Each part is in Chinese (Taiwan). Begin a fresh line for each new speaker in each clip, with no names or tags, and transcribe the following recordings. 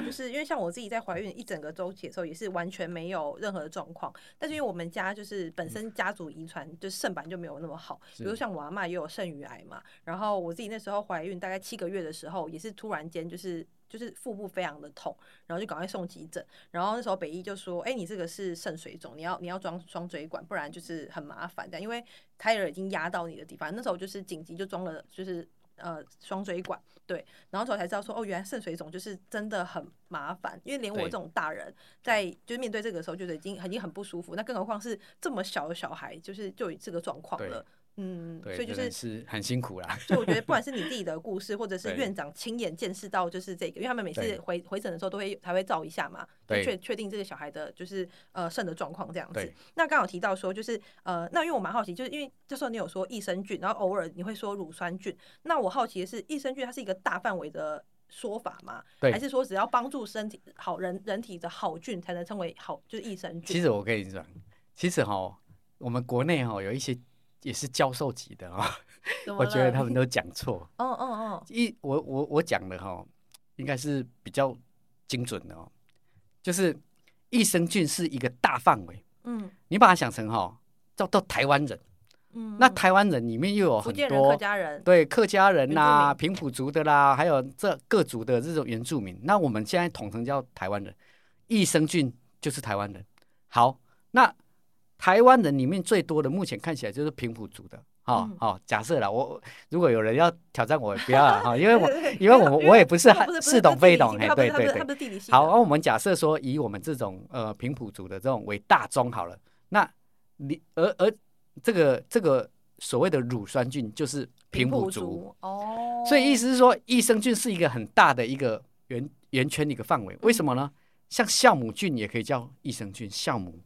就是因為像我自己在懷孕一整個周期的時候，也是完全沒有任何的狀況。但是因為我們家就是本身家族遺傳，就是腎板就沒有那麼好。比如像我阿嬤也有腎盂癌嘛。然後我自己那時候懷孕大概七個月的時候，也是突然間就是就是腹部非常的痛，然後就趕快送急診。然後那時候北醫就說：“哎，你這個是腎水腫，你要你要裝雙 J 管，不然就是很麻煩的，因為胎兒已經壓到你的地方。”那時候就是緊急就裝了，就是。呃，雙椎管對，然後頭才知道說，哦，原來腎水腫就是真的很麻煩，因為連我這種大人，在就是面對這個的時候，就是已經很已經很不舒服，那更何況是這麼小的小孩，就是就有這個狀況了。嗯，對所以就是，
是很辛苦啦。所以
我覺得，不管是你自己的故事，或者是院長親眼見識到，就是這個，對因為他們每次回對回診的時候，都會才會照一下嘛，就對，確確定這個小孩的，就是呃腎的狀況這樣子。對那剛好提到說，就是呃，那因為我蠻好奇，就是因為這時候你有說益生菌，然後偶爾你會說乳酸菌，那我好奇的是，益生菌它是一個大範圍的說法嗎？對，還是說只要幫助身體好人人體的好菌才能稱為好，就是益生菌？其實
我跟你講，其實哈，我們國內哈有一些。也是教授級的哈、
哦， 我覺得他們都
講錯、 oh, oh, oh.。哦哦哦，一我我我講的哈，應該是比較精準的哦。就是益生菌是一個大範圍，嗯，你把它想成哈、哦，叫到台灣人，嗯，嗯，那台灣人裡面又有很多客家人，對，客家人啦、啊、平埔族的啦，還有這各族的這種原住民，那我們現在統稱叫台灣人，益生菌就是台灣人。好，那。台灣人裡面最多的，目前看起來就是平埔族的，哈、哦，好、嗯哦，假設了，我如果有人要挑戰我，不要哈， 因為我，因為我，為我也不是似懂非懂，哎，對，對對對。好，那、啊、我們假設說以我們這種呃平埔族的這種為大宗好了，那你而而這個這個所謂的乳酸菌就是平埔族，平族哦，所以意思是說益生菌是一個很大的一個圓圓圈一個範圍，為什麼呢？嗯像酵母菌也可以叫益生菌，酵母，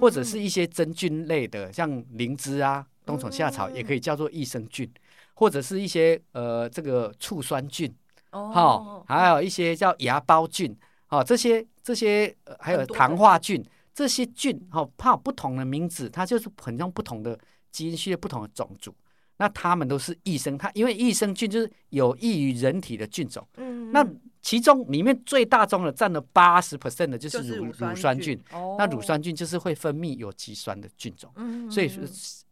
或者是一些真菌類的，像靈芝啊、冬蟲夏草也可以叫做益生菌，或者是一些呃這個醋酸菌，哦，還有一些叫芽孢菌，哦，這些這些、呃、還有糖化菌，這些菌哦，它有不同的名字，它就是很像不同的基因序列、嗯、不同的種族，那它們都是益生，它因為益生菌就是有益於人體的菌種，嗯，那。其中裡面最大宗的佔了八十 percent 的就是乳酸就是乳酸菌。那乳酸菌就是會分泌有機酸的菌種。哦、所以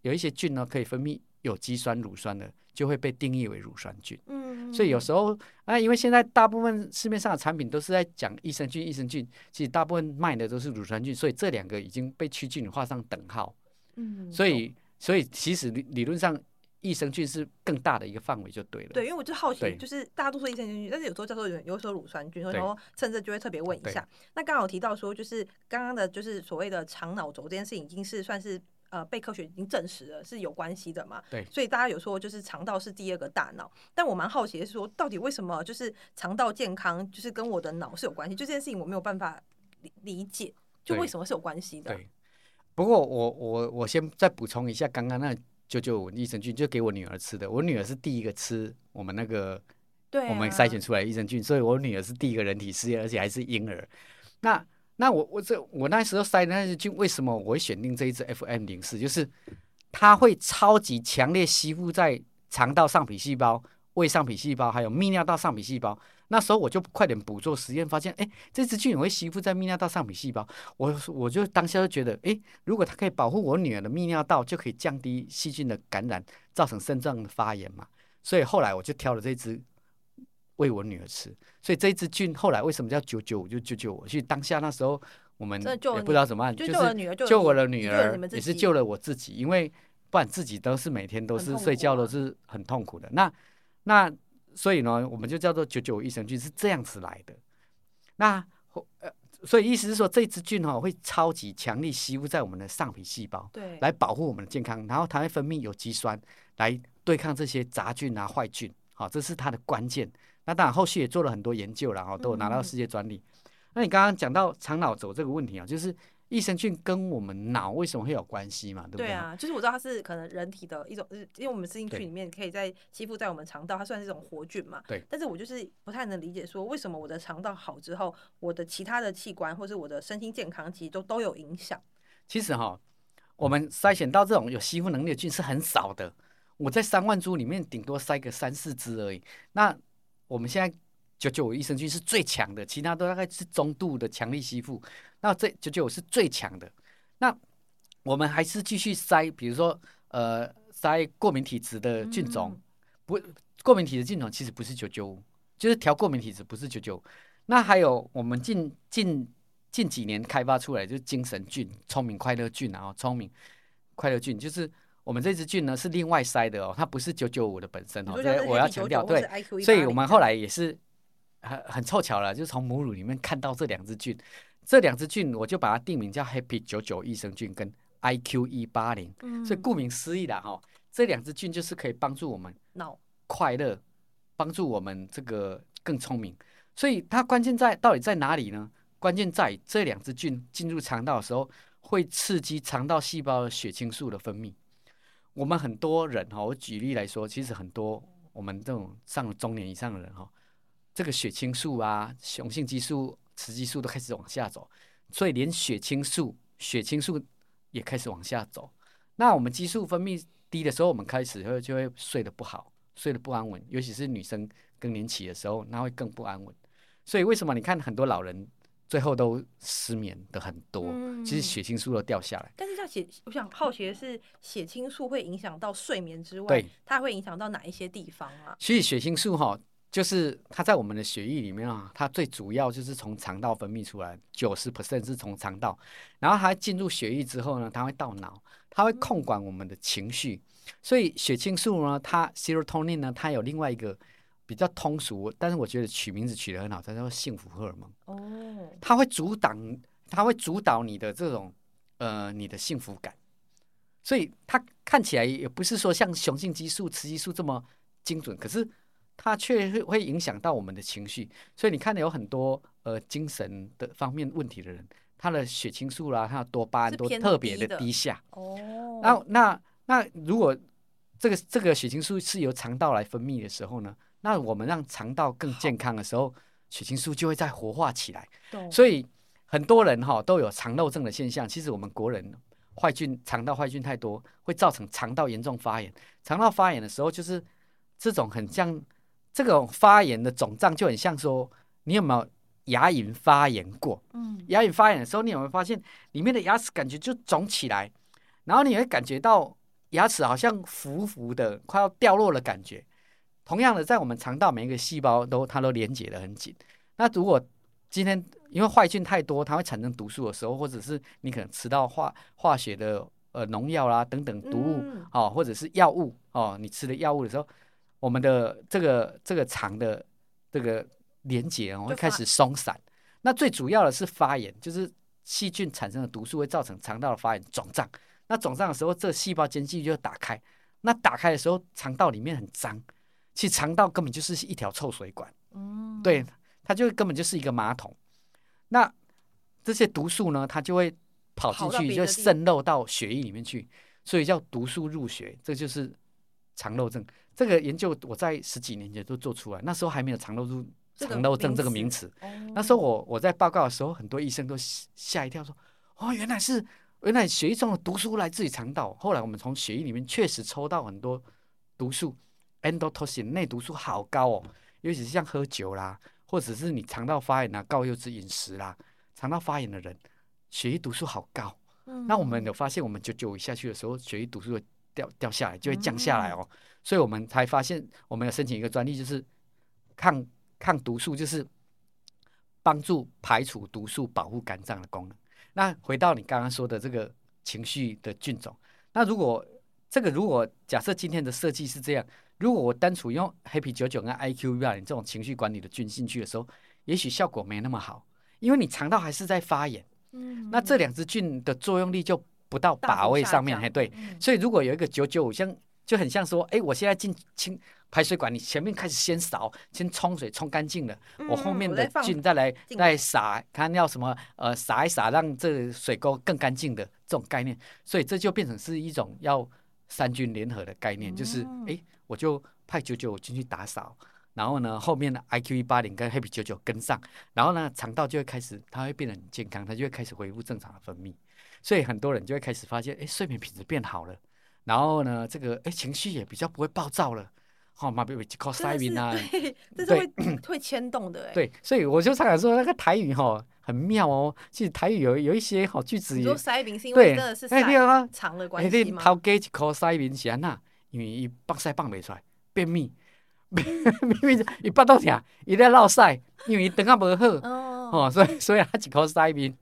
有一些菌呢，可以分泌有機酸乳酸的，就會被定義為乳酸菌。嗯、哼所以有時候啊、呃，因為現在大部分市面上的產品都是在講益生菌，益生菌其實大部分賣的都是乳酸菌，所以這兩個已經被趨近畫上等號。
嗯、哼所以，
所以其實理論上。益生菌是更大的一個範圍，
就對了。對，因為我就好奇，對就是大家都說益生菌，對但是有時候叫做有，有時候乳酸菌，然後甚至就會特別問一下。對那剛好提到說，就是剛剛的，就是所謂的腸腦軸這件事情，已經是算是呃被科學已經證實了是有關係的嘛。對。所以大家有說，就是腸道是第二個大腦，但我蠻好奇，說到底為什麼就是腸道健康就是跟我的腦是有關係？就這件事情，我沒有辦法理理解，就為什麼是有關係的。
對。不過我我我先再補充一下剛剛那。就就益生菌就給我女兒吃的，我女兒是第一個吃我們那個，對啊，我們篩選出來的益生菌，所以我女兒是第一個人體試驗，而且還是嬰兒。那那我我這我那時候篩的那些菌，為什麼我會選定這一支 F M 零四？就是它會超級強烈吸附在腸道上皮細胞、胃上皮細胞，還有泌尿道上皮細胞。那時候我就快點捕捉實驗，發現哎，這只菌也會吸附在泌尿道上皮細胞。我我就當下就覺得，哎，如果它可以保護我女兒的泌尿道，就可以降低細菌的感染，造成腎臟的發炎嘛。所以後來我就挑了這只餵我女兒吃。所以這一只菌後來為什麼叫九九五就救救我？所以當下那時候我們也不知道怎麼辦，就，就是救我的女兒，救我的女兒也是救了我自己，因為不然自己都是每天都是睡覺都是很痛苦的。那、啊、那。那所以呢，我們就叫做九九益生菌是這樣子來的。那呃，所以意思是說，這支菌哈、哦、會超級強力吸附在我們的上皮細胞，對，來保護我們的健康。然後它會分泌有機酸來對抗這些雜菌啊、壞菌。好、哦，這是它的關鍵。那當然後續也做了很多研究，然、哦、後都有拿到世界專利。嗯、那你剛剛講到腸腦軸這個問題啊，就是。益生菌跟我們腦為什麼會有關係嘛？對不對？對啊，
就是我知道它是可能人體的一種，因為我們細菌裡面可以在對吸附在我們腸道，它算是一種活菌嘛。對。但是我就是不太能理解，說為什麼我的腸道好之後，我的其他的器官或是我的身心健康其實都都有影響。
其實哈、哦，我們篩選到這種有吸附能力的菌是很少的，我在三萬株裡面頂多篩個三四隻而已。那我們現在。九九五益生菌是最強的，其他都大概是中度的強力吸附。那這九九五是最強的。那我們還是繼續篩，比如說呃篩過敏體質的菌種，不過敏體質菌種其實不是九九五，就是調過敏體質不是九九五。那還有我們近近近幾年開發出來就是精神菌、聰明快樂菌啊，聰明快樂菌就是我們這支菌呢是另外篩的哦，它不是九九五的本身哦，所以我要強調，對，所以我們後來也是。很很湊巧了，就從母乳裡面看到這兩隻菌，這兩隻菌我就把它定名叫 Happy 九九益生菌跟 IQ 一八零，嗯，所以顧名思義的哈，這兩隻菌就是可以幫助我們快樂，幫助我們這個更聰明，所以它關鍵在到底在哪裡呢？關鍵在這兩隻菌進入腸道的時候，會刺激腸道細胞的血清素的分泌。我們很多人哈，我舉例來說，其實很多我們這種上了中年以上的人哈。這個血清素啊，雄性激素、雌激素都開始往下走，所以連血清素，血清素也開始往下走。那我們激素分泌低的時候，我們開始會就會睡得不好，睡得不安穩。尤其是女生更年期的時候，那會更不安穩。所以為什麼你看很多老人最後都失眠的很多，其實、嗯、血清素都掉下
來。但是像血，這血我想，好奇的是血清素會影響到睡眠之外，嗯、對它會影響到哪一些地方啊？
其實血清素哈。就是它在我們的血液裡面啊，它最主要就是從腸道分泌出來，九十 percent 是從腸道，然後它進入血液之後呢，它會到腦，它會控管我們的情緒，所以血清素呢，它 serotonin 呢，它有另外一個比較通俗，但是我覺得取名字取得很好，它叫做幸福荷爾蒙。哦，它會阻擋，它會主導你的這種呃你的幸福感，所以它看起來也不是說像雄性激素、雌激素這麼精準，可是。它卻會會影響到我們的情緒，所以你看到有很多呃精神的方面問題的人，他的血清素啦、啊，他多巴胺都特別的低下。哦、oh.，那那那如果這個這個血清素是由腸道來分泌的時候呢，那我們讓腸道更健康的時候，好血清素就會再活化起來。對所以很多人哈、哦、都有腸漏症的現象。其實我們國人壞菌腸道壞菌太多，會造成腸道嚴重發炎。腸道發炎的時候，就是這種很像。這種發炎的腫脹就很像說，你有沒有牙齦發炎過？嗯，牙齦發炎的時候，你有沒有發現裡面的牙齒感覺就腫起來，然後你會感覺到牙齒好像浮浮的，快要掉落的感覺。同樣的，在我們腸道每一個細胞都它都連接的很緊。那如果今天因為壞菌太多，它會產生毒素的時候，或者是你可能吃到化化學的呃農藥啦等等毒物，嗯，哦，或者是藥物哦，你吃的藥物的時候。我們的這個這個腸的這個連結哦，會開始鬆散。吧那最主要的是發炎，就是細菌產生的毒素會造成腸道的發炎腫脹。那腫脹的時候，這個、細胞間隙就要打開。那打開的時候，腸道裡面很髒，其實腸道根本就是一條臭水管。嗯，對，它就根本就是一個馬桶。那這些毒素呢，它就會跑進去，就滲漏到血液裡面去，所以叫毒素入血，這就是腸漏症。這個研究我在十幾年前就做出來，那時候還沒有腸漏症、的腸漏症這個名詞。嗯、那時候我我在報告的時候，很多醫生都嚇一跳，說：“哦，原來是原來血液中的毒素來自於腸道。”後來我們從血液裡面確實抽到很多毒素，endotoxin 內毒素好高哦。尤其是像喝酒啦，或者是你腸道發炎啊、高油脂飲食啦、腸道發炎的人，血液毒素好高。嗯、那我們有發現，我們九九下去的時候，血液毒素掉掉下來，就會降下來哦。嗯所以我們才發現，我們要申請一個專利，就是抗抗毒素，就是幫助排除毒素，保護肝臟的功能。那回到你剛剛說的這個情緒的菌種，那如果這個如果假設今天的設計是這樣，如果我單純用 Happy99 跟 IQ180 這種情緒管理的菌進去的時候，也許效果沒那麼好，因為你腸道還是在發炎。嗯、嗯。那這兩支菌的作用力就不到靶位上面，嘿對，嗯、所以如果有一個九九五像。就很像說，哎、欸，我現在進清排水管，你前面開始先掃，先沖水沖乾淨了，我後面的菌再來再撒，看要什麼呃撒一撒，讓這水溝更乾淨的這種概念，所以這就變成是一種要三菌聯合的概念，就是哎、欸，我就派九九進去打掃，然後呢，後面的 IQ180 跟 Happy 九九跟上，然後呢，腸道就會開始，它會變得很健康，它就會開始恢復正常的分泌，所以很多人就會開始發現，哎、欸，睡眠品質變好了。然後呢，這個哎情緒也比較不會暴躁了，吼，maybe 一顆塞 bin 啊，對，這
是會會牽動的哎。對，
所以我就才講說那個台語吼很妙哦，其實台語有有一些好句子也。比如塞 bin 是因為真的是塞腸的關係嘛。你頭加一顆塞 bin 是安那，因為伊放屎放未出來，便秘，便秘伊巴肚痛，伊在鬧塞，因為伊腸啊無好，哦哦哦，哦，所以所以它一顆塞 bin，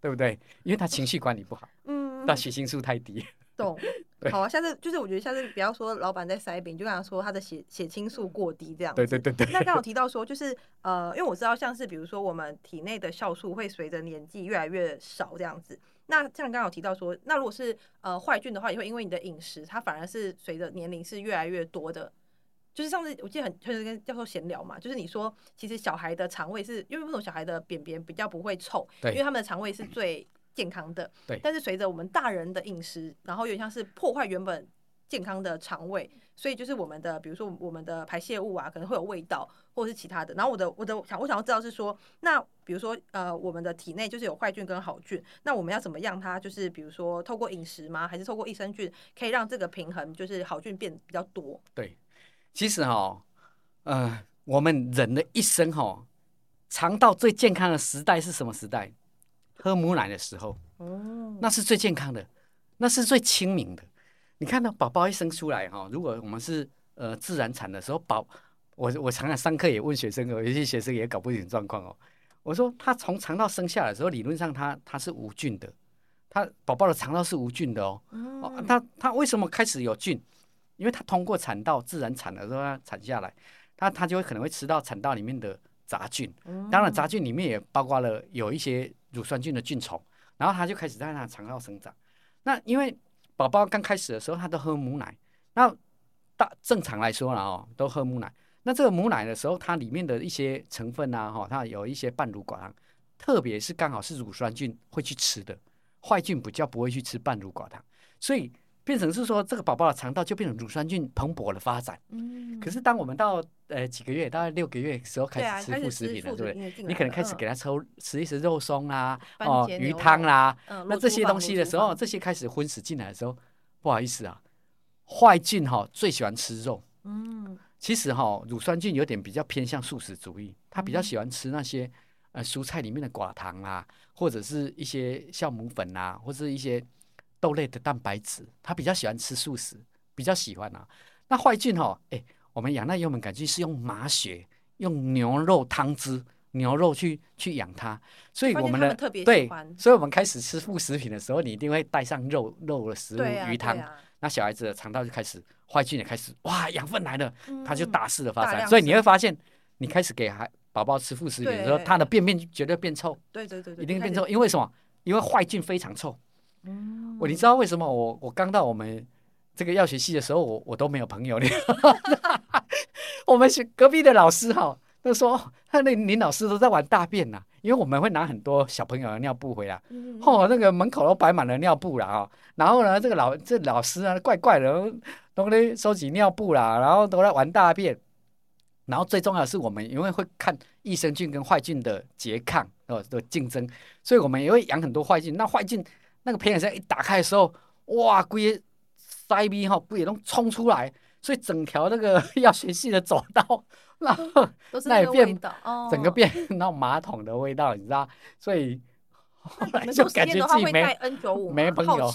對不對？因為他情緒管理不好，嗯，他血清素太低。
懂， 好啊，下次就是我覺得下次不要說老板在塞餅，就跟他說他的血血清素過低這樣子。 對對對，對，對，那剛好提到說，就是呃，因為我知道像是比如說我們體內的酵素會隨着年紀越來越少這樣子。那像剛好提到說，那如果是呃壞菌的話，也會因為你的飲食，它反而是隨着年齡是越來越多的。就是上次我記得很很有跟教授閒聊嘛，就是你說其實小孩的腸胃是因為為什麼小孩的便便比較不會臭，對因為他們的腸胃是最健康的，對，但是隨着我們大人的飲食，然後有點像是破壞原本健康的腸胃，所以就是我們的，比如說我們的排泄物啊，可能會有味道，或者是其他的。然後我的我的想，我想要知道是說，那比如說呃，我們的體內就是有壞菌跟好菌，那我們要怎麼樣它？它就是比如說透過飲食嗎？還是透過益生菌可以讓這個平衡，就是好菌變比較多？
對，其實哈、哦，呃，我們人的一生哈、哦，腸道最健康的時代是什麼時代？喝母奶的時候，哦，那是最健康的，那是最清明的。你看到寶寶一生出來哈、哦，如果我們是呃自然產的時候，寶，我我常常上課也問學生哦，有些學生也搞不清狀況哦。我說他從腸道生下來的時候，理論上他他是無菌的，他寶寶的腸道是無菌的哦。嗯、哦，那、啊、他，他為什麼開始有菌？因為他通過產道自然產的時候他產下來，他他就會可能會吃到產道裡面的。雜菌，當然雜菌裡面也包括了有一些乳酸菌的菌種，然後它就開始在它腸道生長。那因為寶寶剛開始的時候，他都喝母奶，那大正常來說了哦，都喝母奶。那這個母奶的時候，它裡面的一些成分啊、哦，哈，它有一些半乳寡糖，特別是剛好是乳酸菌會去吃的，壞菌比較不會去吃半乳寡糖，所以變成是說，這個寶寶的腸道就變成乳酸菌蓬勃的發展。嗯、可是當我們到呃幾個月，大概六個月的時候開始吃副食品了，對，了對不對？嗯、你可能開始給他吃吃一些肉鬆啦、啊，哦截、呃，魚湯啦、啊。嗯、那這些東西的時候，這些開始葷食進來的時候，不好意思啊，壞菌哈最喜歡吃肉。嗯、其實哈，乳酸菌有點比較偏向素食主義，他比較喜歡吃那些呃蔬菜裡面的寡糖啊，或者是一些酵母粉啊，或者是一些。豆類的蛋白質，他比較喜歡吃素食，比較喜歡啊。那壞菌哦，哎、欸，我們養那幽門桿菌是用馬血、用牛肉湯汁、牛肉去去養它，
所以我們呢，對，所以我
們開始吃副食品的時候，嗯、你一定會帶上肉肉的食物、魚湯，那小孩子的腸道就開始壞菌也開始哇，養分來了，它就、嗯、大肆的發展。所以你會發現，你開始給孩寶寶吃副食品的時候，欸、他的便便絕對變臭，對
對,對對對，一定變臭，
因為什麼？嗯、因為壞菌非常臭。我、嗯、你知道為什麼我我剛到我們這個藥學系的時候我，我我都沒有朋友 我們學隔壁的老師哈，都說他那林老師都在玩大便吶，因為我們會拿很多小朋友的尿布回來，哦，那個門口都擺滿了尿布了啊。然後呢，這個老這老師啊，怪怪的，都在收集尿布啦，然後都在玩大便。然後最重要的是，我們因為會看益生菌跟壞菌的拮抗哦的競爭，所以我們也會養很多壞菌。那壞菌。那個培養箱一打開的時候，哇，規塞鼻哈不也能沖出來，所以整條那個藥學系的走道，然後都是那
那也變、哦、整個變
那種馬桶的味道，你知道？所以後來就感覺自己沒的話會帶 N 九五，沒朋友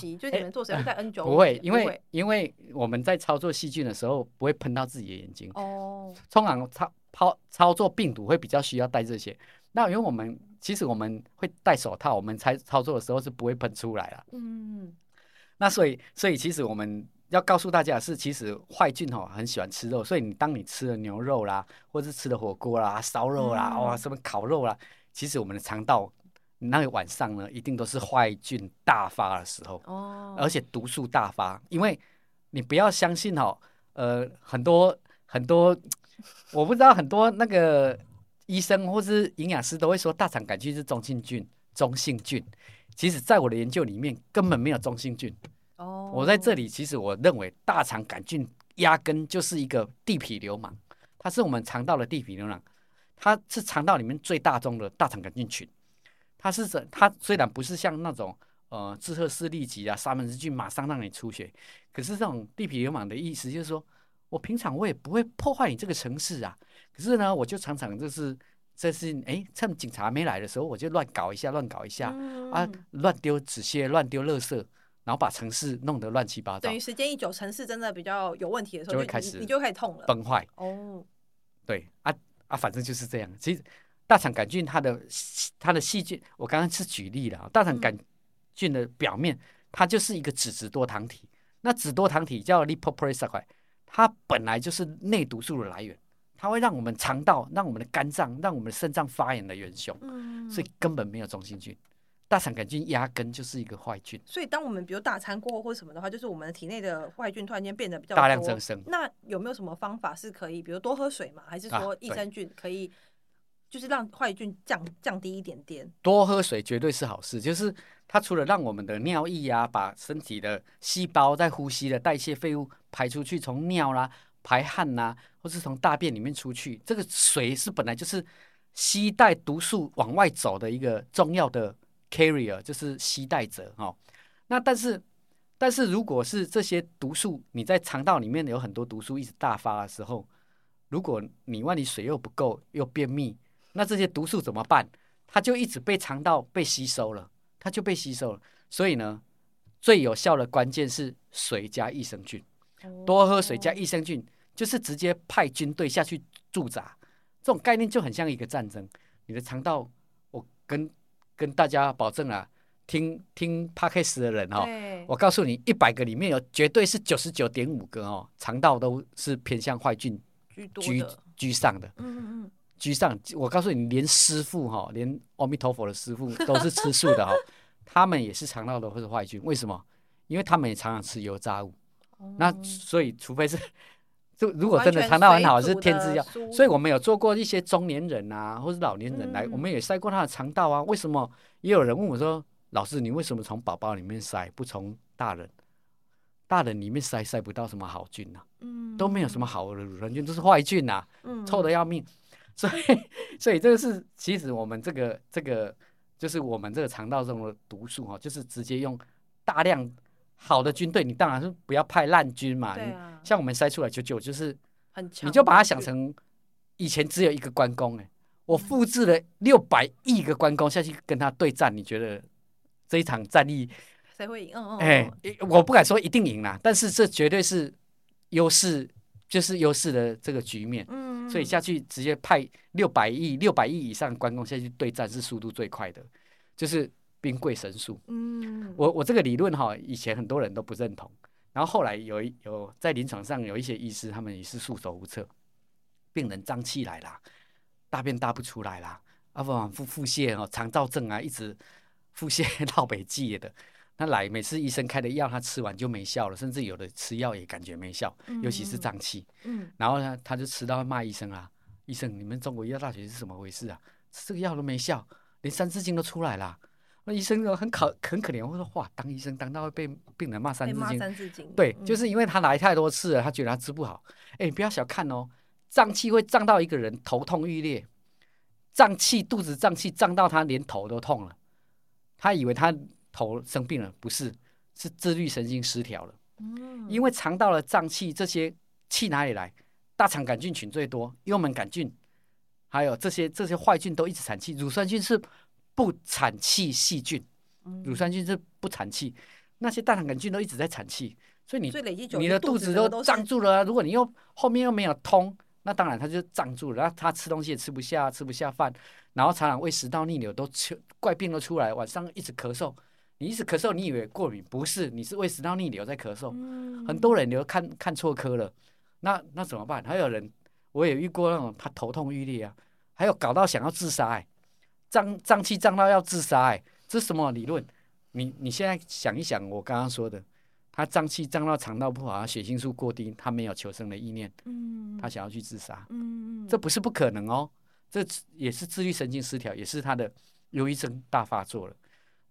不會，因為會
因為我們在操作細菌的時候不會噴到自己的眼睛哦，通常操操操作病毒會比較需要戴這些。那因為我們。其實我們會戴手套，我們才操作的時候是不會噴出來的。嗯，那所以，所以其實我們要告訴大家的是，其實壞菌哦很喜歡吃肉，所以你當你吃了牛肉啦，或者是吃了火鍋啦、燒肉啦，哇、嗯哦，什麼烤肉啦，其實我們的腸道那個晚上呢，一定都是壞菌大發的時候，哦，而且毒素大發，因為你不要相信哦，呃，很多很多，我不知道很多那個。醫生或是營養師都會說大腸桿菌是中性菌，中性菌。其實，在我的研究裡面，根本沒有中性菌。Oh. 我在這裡其實我認為大腸桿菌壓根就是一個地痞流氓，它是我們腸道的地痞流氓，它是腸道裡面最大宗的大腸桿菌群。它是它雖然不是像那種呃志賀氏痢疾啊、沙門氏菌，馬上讓你出血，可是這種地痞流氓的意思就是說。我平常我也不會破壞你這個城市啊，可是呢，我就常常就是，這是哎、欸，趁警察沒來的時候，我就亂搞一下，亂搞一下、嗯、啊，亂丟紙屑，亂丟垃圾，然後把城市弄得亂七八糟。等於時
間一久，城市真的比較有問題的時候，就會開始你，你就可以痛了，崩壞哦。
對啊啊，啊反正就是這樣。其實大腸桿菌它的它的細菌，我剛剛是舉例了，大腸桿菌的表面、嗯、它就是一個脂質多糖體，那脂多糖體叫 lipopolysaccharide 它本來就是內毒素的來源，它會讓我們腸道、讓我們的肝臟、讓我們的腎臟，讓我們的腎臟發炎的元凶。嗯。所以根本沒有中性菌，大腸桿菌壓根就是一個壞菌。
所以當我們比如大餐過後或什麼的話，就是我們體內的壞菌突然間變得比較大量增生。那有沒有什麼方法是可以，比如多喝水嘛？還是說益生菌可以？啊。就是讓壞菌降降低一點點，
多喝水絕對是好事。就是它除了讓我們的尿液啊，把身體的細胞在呼吸的代謝廢物排出去，從尿啦、啊、排汗吶、啊，或是從大便裡面出去，這個水是本來就是攜帶毒素往外走的一個重要的 carrier，就是攜帶者哈、哦。那但是，但是如果是這些毒素你在腸道裡面有很多毒素一直大發的時候，如果你萬一水又不夠，又便秘。那這些毒素怎麼辦？它就一直被腸道被吸收了，它就被吸收了。所以呢，最有效的關鍵是水加益生菌，多喝水加益生菌、嗯、就是直接派軍隊下去駐紮。這種概念就很像一個戰爭。你的腸道，我跟跟大家保證了，聽聽 podcast 的人哦，對我告訴你，一百個裡面有絕對是九十九點五個哦，腸道都是偏向壞菌居居、居上的。嗯居上，我告訴你，連師父哈，連阿彌陀佛的師父都是吃素的哈， 他們也是腸道的或者壞菌。為什麼？因為他們也常常吃油炸物。嗯、那所以，除非是，就如果真的腸道很好是天之驕，所以我們有做過一些中年人啊，或者老年人來，嗯、我們也塞過他的腸道啊。為什麼？也有人問我說，老師，你為什麼從寶寶裡面塞，不從大人？大人裡面塞塞不到什麼好菌啊，嗯、都沒有什麼好的乳酸菌，啊，都是壞菌吶，臭得要命。所以，所以這個是其實我們這個這個就是我們這個腸道中的毒素哦，就是直接用大量好的軍隊，你當然是不要派爛軍嘛。對啊、像我們篩出來九九就，就是，
很強，你就
把它想成以前只有一個關公誒、欸，對我複製了六百億個關公下去跟他對戰，你覺得這一場戰役
誰會贏？哎、oh. 欸，我不敢說一定
贏啦，但是這絕對是優勢。就是優勢的這個局面，所以下去直接派六百億、六百億以上的關公下去對戰，是速度最快的，就是兵貴神速。嗯，我我這個理論哈、哦，以前很多人都不認同，然後後來有有在臨床上有一些醫師，他們也是束手無策，病人脹氣來了，大便大不出來啦，啊，反反覆腹瀉哦，腸躁症啊，一直腹瀉到北極的。他來每次醫生開的藥，他吃完就沒效了，甚至有的吃藥也感覺沒效，嗯、尤其是脹氣。嗯、然後呢，他就吃到罵醫生啊，醫生你們中國醫藥大學是什麼回事？啊，吃這個藥都沒效，連三字經都出來了。那醫生很可很可憐，我說哇，當醫生當到會被病人罵三字經，經對，嗯、就是因為他來太多次了，他覺得他治不好。哎、欸，不要小看哦，脹氣會脹到一個人頭痛欲裂，脹氣肚子脹氣脹到他連頭都痛了，他以為他。頭生病了不是，是自律神經失調了。嗯、因為腸道的脹氣，這些氣哪裡來？大腸桿菌群最多，幽門桿菌，還有這些這些壞菌都一直產氣。乳酸菌是不產氣細菌，嗯、乳酸菌是不產氣，那些大腸桿菌都一直在產氣，所以你所以你的肚子都脹住了，啊。如果你又後面又沒有通，那當然它就脹住了。然後他吃東西也吃不下，吃不下飯，然後常常胃食道逆流都怪病都出來，晚上一直咳嗽。你一直咳嗽，你以為過敏？不是，你是胃食道逆流在咳嗽。很多人流看看錯科了，那那怎麼辦？還有人我也遇過那種，他頭痛欲裂啊，還有搞到想要自殺、欸，脹脹氣脹到要自殺、欸，這是什麼理論？你你現在想一想，我剛剛說的，他脹氣脹到腸道不好，他血清素過低，他沒有求生的意念，他想要去自殺，嗯嗯、這不是不可能哦，這也是自律神經失調，也是他的憂鬱症大發作了。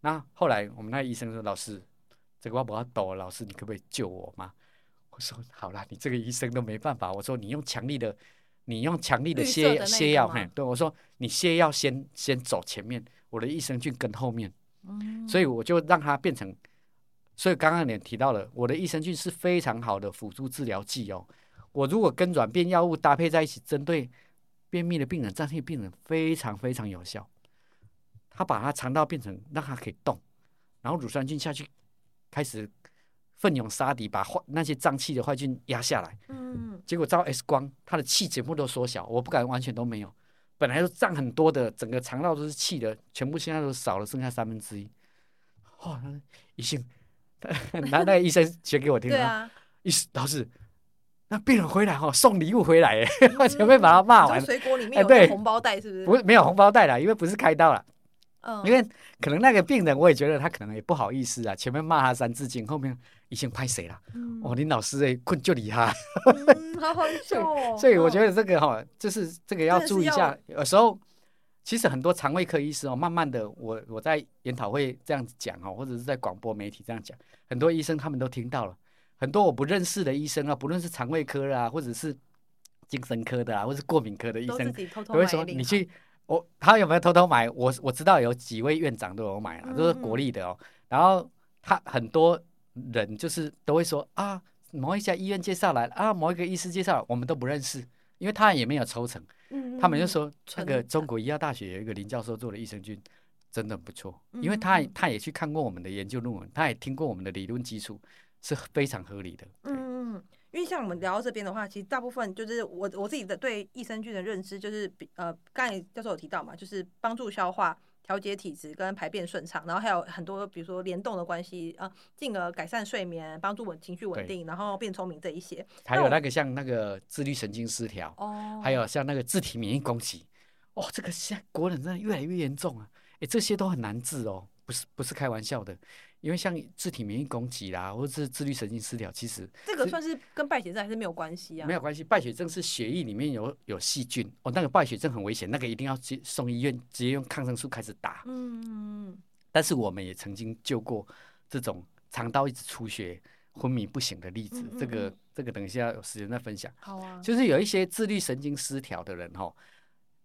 那後來我們那醫生說：“老師，這個我不要抖了，老師你可不可以救我嗎？”我說：“好了，你這個醫生都沒辦法。”我說：“你用強力的，你用強力的瀉瀉藥，藥，嘿，對我說你瀉藥先先走前面，我的益生菌跟後面。”嗯，所以我就讓它變成，所以剛剛你也提到了，我的益生菌是非常好的輔助治療劑哦。我如果跟軟便藥物搭配在一起，針對便秘的病人、脹氣病人非常非常有效。他把他腸道變成讓他可以動，然後乳酸菌下去開始奮勇殺敵，把壞那些脹氣的壞菌壓下來。嗯，結果照 X 光，他的氣全部都縮小，我不敢完全都沒有，本來都脹很多的，整個腸道都是氣的，全部現在都少了，剩下三分之一。哇、哦，醫生，那那個醫生學給我聽 啊，醫生老師，那病人回來哈、哦，送禮物回來耶，我準備把他罵完。水果裡面有紅包
袋是不是？哎、不是，沒有
紅包袋啦，因為不是開刀啦。嗯、因為可能那個病人，我也覺得他可能也不好意思啊。前面罵他三字經，後面已經拍誰了？嗯、哦，林老師哎，困就理他。所以我覺得這個哈、啊，哦、就是這個要注意一下。有時候其實很多腸胃科醫生哦，慢慢的我，我我在研討會這樣子講哦，或者是在廣播媒體這樣講，很多醫生他們都聽到了。很多我不認識的醫生啊，不論是腸胃科的啊，或者是精神科的啊，或者是過敏科的醫生，都會說你去。我、哦、他有沒有偷偷買？我我知道有幾位院長都有買了，嗯、哼都是國立的哦。然後他很多人就是都會說啊，某一家醫院介紹來了啊，某一個醫師介紹，我們都不認識，因為他也沒有抽成。嗯、哼他們就說、啊、那個中國醫藥大學有一個林教授做的益生菌，真的很不錯，因為他他也去看過我們的研究論文，他也聽過我們的理論基礎，是非常合理的。
對，嗯。因為像我們聊到這邊的話，其實大部分就是我我自己的對益生菌的認知就是，呃，剛才教授有提到嘛，就是幫助消化、調節體質跟排便順暢，然後還有很多比如說聯動的關係啊，呃，進而改善睡眠、幫助我情緒穩定，對然後變聰明這一些。還有那
個像那個自律神經失調，哦，還有像那個自體免疫攻擊，哦，這個現在國人真的越來越嚴重啊！哎、欸，這些都很難治哦，不是不是開玩笑的。因為像自體免疫攻擊啦，或者是自律神經失調，其實這個算
是跟敗血症還是沒有關係啊？沒有
關係，敗血症是血液裡面有有細菌哦。那個敗血症很危險，那個一定要去送醫院，直接用抗生素開始打。嗯嗯嗯。但是我們也曾經救過這種腸道一直出血、昏迷不醒的例子。嗯嗯嗯。這個這個等一下有時間再分享。好啊。就是有一些自律神經失調的人哈、哦，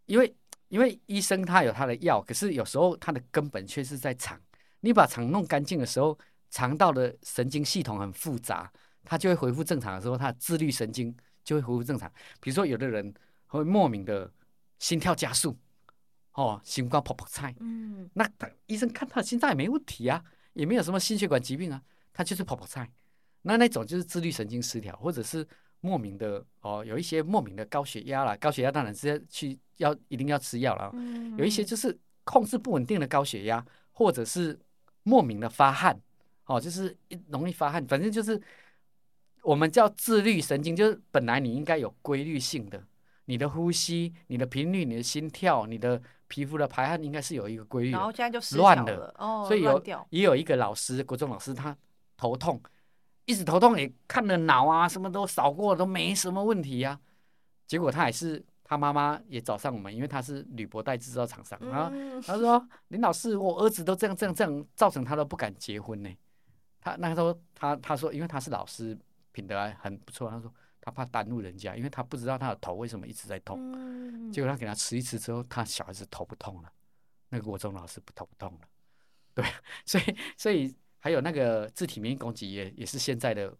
因為因為醫生他有他的藥，可是有時候他的根本卻是在腸。你把腸弄乾淨的時候，腸道的神經系統很複雜，它就會恢復正常的時候，它的自律神經就會恢復正常。比如說，有的人會莫名的心跳加速，哦，心慌、跑跑菜。嗯。那醫生看他的心臟也沒問題啊，也沒有什麼心血管疾病啊，他就是跑跑菜。那那種就是自律神經失調，或者是莫名的哦，有一些莫名的高血壓了，高血壓當然直接去要一定要吃藥了。嗯。有一些就是控制不穩定的高血壓，或者是。莫名的發汗，哦，就是容易發汗，反正就是我們叫自律神經，就是本來你應該有規律性的，你的呼吸、你的頻率、你的心跳、你的皮膚的排汗，應該是有一個規律，然後現在就亂了，哦，所以有亂掉，也有一個老師，國中老師，他頭痛，一直頭痛，也看了腦啊，什麼都掃過，都沒什麼問題呀，結果他還是。他媽媽也找上我們，因為他是鋁箔袋製造廠商啊。然後他說：“嗯、林老師，我兒子都這樣這樣這樣，造成他都不敢結婚呢。”他那時候他他說，因為他是老師，品德還很不錯。他說他怕耽誤人家，因為他不知道他的頭為什麼一直在痛。嗯、結果他給他吃一吃之後，他小孩子頭不痛了。那個國中老師不頭不痛了，對，所以所以還有那個自體免疫攻擊也也是現在的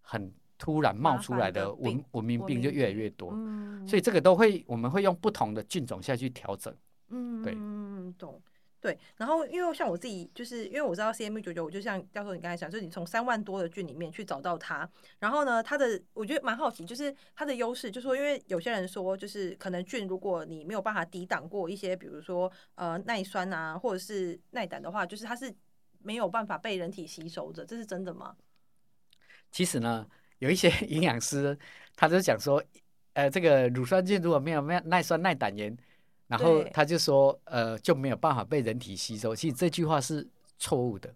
很。突然冒出來的文文明病就越來越多，嗯、所以這個都會我們會用不同的菌種下去調整。嗯，
對，嗯，懂，對。然後因為像我自己，就是因為我知道 C M U 九九，我就像教授你剛才講，就是你從三萬多的菌裡面去找到它。然後呢，它的我覺得蠻好奇，就是它的優勢，就是說，因為有些人說，就是可能菌如果你沒有辦法抵擋過一些，比如說呃耐酸啊，或者是耐膽的話，就是它是沒有辦法被人體吸收的，這是真的嗎？
其實呢。有一些營養師，他就講說，呃，這個乳酸菌如果沒有耐酸耐膽炎，然後他就說，呃，就沒有辦法被人體吸收。其實這句話是錯誤的。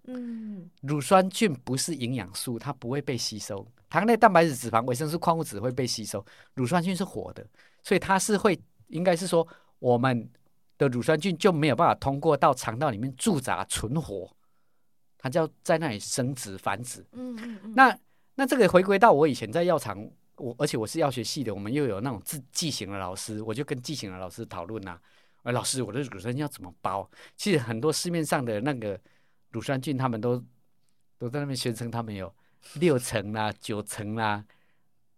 乳酸菌不是營養素，它不會被吸收。糖類、蛋白質、脂肪、維生素、礦物質會被吸收，乳酸菌是活的，所以它是會應該是說，我們的乳酸菌就沒有辦法通過到腸道裡面駐紮存活，它就要在那裡生殖繁殖。嗯嗯那。那這個回歸到我以前在藥廠，我而且我是藥學系的，我們又有那種自劑型的老師，我就跟劑型的老師討論吶。呃，老師，我的乳酸菌要怎麼包？其實很多市面上的那個乳酸菌，他們都都在那邊宣稱他們有六層啦、九層啦，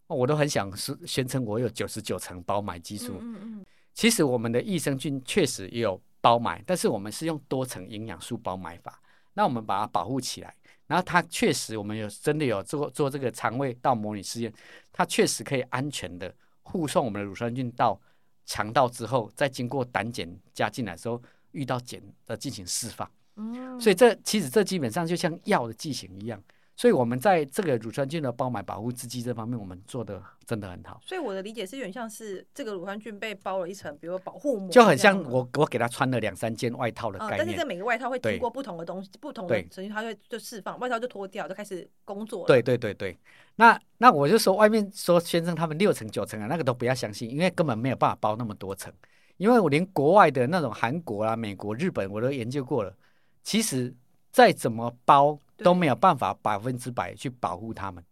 我都很想說宣稱我有九十九層包埋技術。嗯嗯，其實我們的益生菌確實也有包埋，但是我們是用多層營養素包埋法，那我們把它保護起來。然後它確實，我們有真的有做做這個腸胃道模擬試驗，它確實可以安全的護送我們的乳酸菌到腸道之後，再經過膽鹼加進來的時候遇到鹼而進行釋放，
嗯，所以這
其實這基本上就像藥的劑型一樣。所以，我們在這個乳酸菌的包埋保護製劑這方面，我們做的真的很好。
所以，我的理解是，有點像是這個乳酸菌被包了一層，比如保護膜，就很像
我我給它穿了兩三件外套的概念。但是，這每個外套會經過
不同的東西，不同的程序它會就釋放，外套就脫掉，就開始工作。對對
對對，對，那那我就說，外面說先生他們六層九層啊，那個都不要相信，因為根本沒有辦法包那麼多層。因為我連國外的那種韓國啊、美國、日本我都研究過了，其實再怎麼包。對都沒有辦法百分之百去保護它們，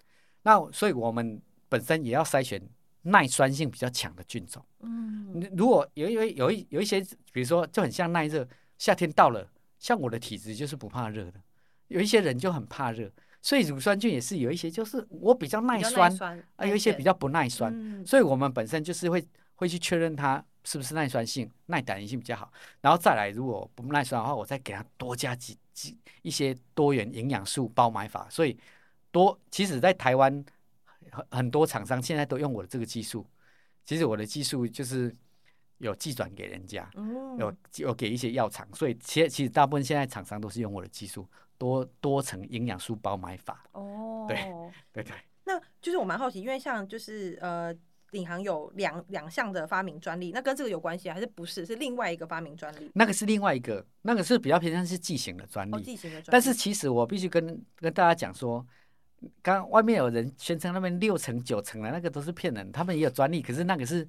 那所以我們本身也要篩選耐酸性比較強的菌種。嗯，如果有一有一有一些，比如說就很像耐熱，夏天到了，像我的體質就是不怕熱的，有一些人就很怕熱，所以乳酸菌也是有一些，就是我比較耐酸，啊，而有一些比較不耐酸，嗯、所以我們本身就是會會去確認它是不是耐酸性，耐膽性比較好，然後再來如果不耐酸的話，我再給它多加幾。一些多元營養素包埋法，所以多其實，在台灣很很多廠商現在都用我的這個技術。其實我的技術就是有寄轉給人家，嗯、有有給一些藥廠，所以其實其實大部分現在廠商都是用我的技術，多多層營養素包埋法。哦對，對對
對，那就是我蠻好奇，因為像就是呃。領航有兩兩項的發明專利，那跟這個有關係還是不是？是另外一個發明專利。
那個是另外一個，那個是比較偏向是劑型的專利。哦，劑型的專利。但是其實我必須跟跟大家講說，剛，剛外面有人宣稱那邊六層、九層的那個都是騙人。他們也有專利，可是那個是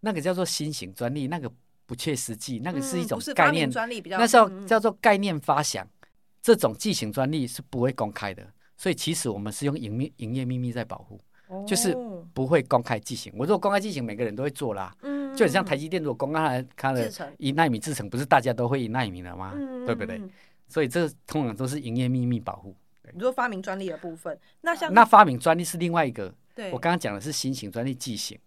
那個叫做新型專利，那個不切實際，那個是一種概念，嗯、專利，那時候叫叫做概念發想。這種劑型專利是不會公開的，所以其實我們是用營營業秘密在保護。就是不會公開劑型。我如果公開劑型，每個人都會做啦。嗯，就很像台積電，如果公開它的一納米製程，不是大家都會一納米的嗎？嗯、對不對？所以這通常都是營業秘密保護。
你說發明專利的部分，那像、呃、那發
明專利是另外一個。對我剛剛講的是新型專利劑型。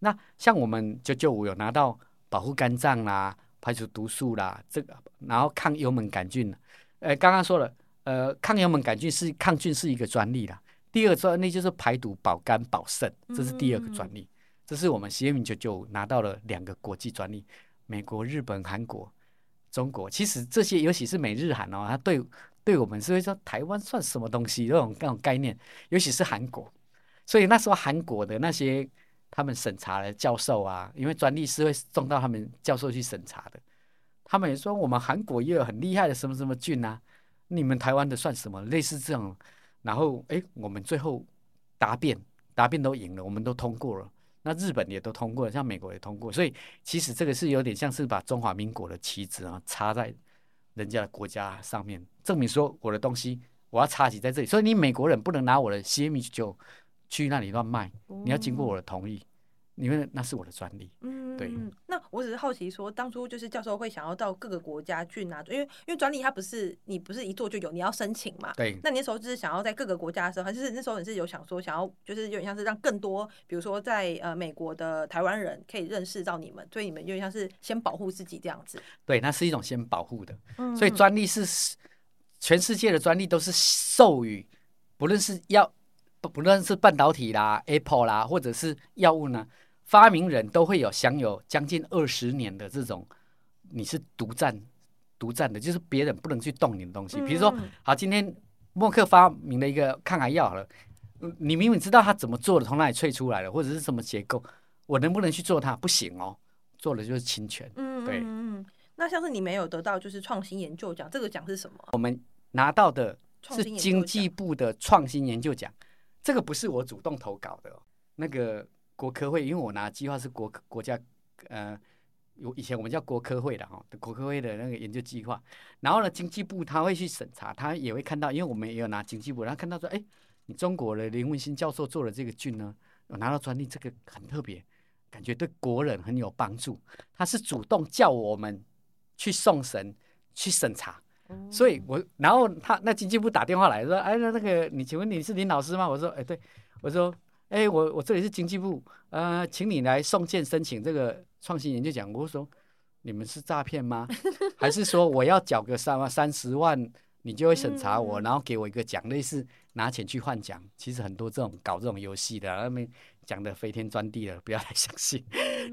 那像我們九九五有拿到保護肝臟啦、排除毒素啦，這個然後抗幽門桿菌。呃，剛剛說了，呃，抗幽門桿菌是抗菌是一個專利啦。第二專利就是排毒保肝保腎，這是第二個專利。嗯嗯嗯。這是我們 CMU995 拿到了兩個國際專利，美國、日本、韓國、中國。其實這些，尤其是美日韓哦，他對對我們是會說台灣算什麼東西那種那種概念，尤其是韓國。所以那時候韓國的那些他們審查的教授啊，因為專利是會送到他們教授去審查的，他們也說我們韓國也有很厲害的什麼什麼菌啊，你們台灣的算什麼？類似這種。然後，哎，我們最後答辯，答辯都贏了，我們都通過了。那日本也都通過了，像美國也通過，所以其實這個是有點像是把中華民國的旗幟啊插在人家的國家上面，證明說我的東西我要插旗在這裡，所以你美國人不能拿我的 CMU9 去那裡亂賣，你要經過我的同意。嗯因為那是我的專利，
對。嗯，那我只是好奇說，說當初就是教授會想要到各個國家去拿，因為因為專利它不是你不是一做就有，你要申請嘛。對。那你那時候就是想要在各個國家的時候，還是那時候你是有想說想要，就是有點像是讓更多，比如說在呃美國的台灣人可以認識到你們，所以你們有點像是先保護自己這樣子。
對，那是一種先保護的。所以專利是全世界的專利都是授予，不論是藥不不論是半導體啦、Apple 啦，或者是藥物呢。發明人都會有享有將近二十年的這種，你是獨佔，獨佔的，就是別人不能去動你的東西。嗯嗯比如說，好，今天默克發明了一個抗癌藥，好了，嗯，你明明知道他怎麼做的，從哪裡萃出來的，或者是什麼結構，我能不能去做它？不行哦，做了就是侵權。嗯，嗯，嗯，
嗯，對，嗯，那像是你沒有得到就是創新研究獎，這個獎是什麼
啊？我們拿到的是經濟部的創新研究獎，究這個不是我主動投稿的，哦，那個。國科會，因為我拿計劃是國國家，呃，有以前我們叫國科會的哈，國科會的那個研究計劃。然後呢，經濟部他會去審查，他也會看到，因為我們也有拿經濟部，然後看到說，哎，你中國的林文鑫教授做了這個菌呢，我拿到專利，這個很特別，感覺對國人很有幫助。他是主動叫我們去送審去審查，所以我，然後他那經濟部打電話來說，哎，那那個你，請問你是林老師嗎？我說，哎，對，我說。哎、欸，我我這裡是經濟部，呃，請你來送件申請這個創新研究獎。我說，你們是詐騙嗎？還是說我要繳個三萬 三十萬，你就會審查我，然後給我一個獎，類似拿錢去換獎？其實很多這種搞這種遊戲的、啊，他們講的飛天鑽地的，不要太相信。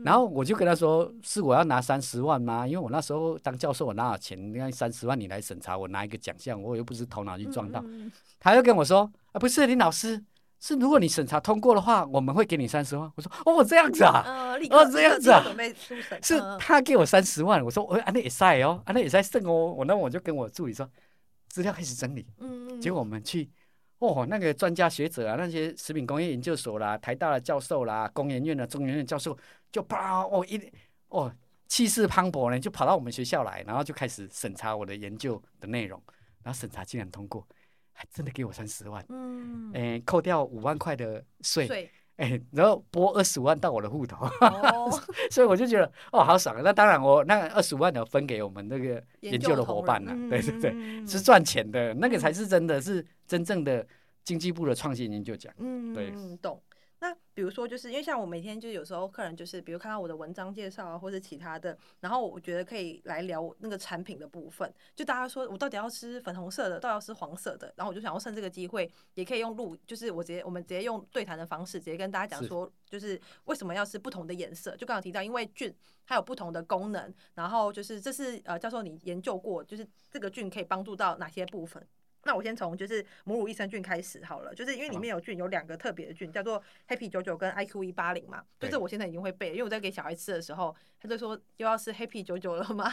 然後我就跟他說，是我要拿三十萬嗎？因為我那時候當教授，我拿了錢，你看三十萬你來審查我拿一個獎項，我又不是頭腦去撞到。 他又跟我說，啊，不是，林老師。是，如果你審查通過的話，我們會給你三十萬。我說哦，這樣子啊，嗯嗯嗯、哦，這樣子啊，是他給我三十萬。我說哎，安那也塞哦，那也塞哦。我那我就跟我助理說，資料開始整理。嗯，嗯，結果我們去哦，那個專家學者啊，那些食品工業研究所啦、台大的教授啦、工研院的、啊、中研院教授，就啪哦一哦氣勢磅礴呢，就跑到我們學校來，然後就開始審查我的研究的內容，然後審查竟然通過。還真的給我三十萬，嗯、欸，扣掉五萬塊的稅，哎稅、欸，然後撥二十五萬到我的戶頭，哦、 所以我就覺得哦，好爽、啊。那當然我，我那二十五萬呢，分給我們那個研究的夥伴了，對對對，是賺錢的、嗯、那個才是真的是真正的經濟部的創新研究獎，嗯，對，
那比如說，就是因為像我每天就有時候客人就是，比如看到我的文章介紹啊，或者其他的，然後我覺得可以來聊那個產品的部分。就大家說我到底要吃粉紅色的，到底要吃黃色的，然後我就想要趁這個機會，也可以用錄，就是我直接我們直接用對談的方式，直接跟大家講說，就是為什麼要吃不同的顏色？是就剛剛提到，因為菌它有不同的功能，然後就是這是呃教授你研究過，就是這個菌可以幫助到哪些部分？那我先從就是母乳益生菌開始好了，就是因為裡面有菌，有兩個特別的菌，叫做 Happy 九九跟 IQ 一八零嘛，對就是我現在已經會背，因為我在給小孩吃的時候，他就說，又要吃 Happy 九九了嗎？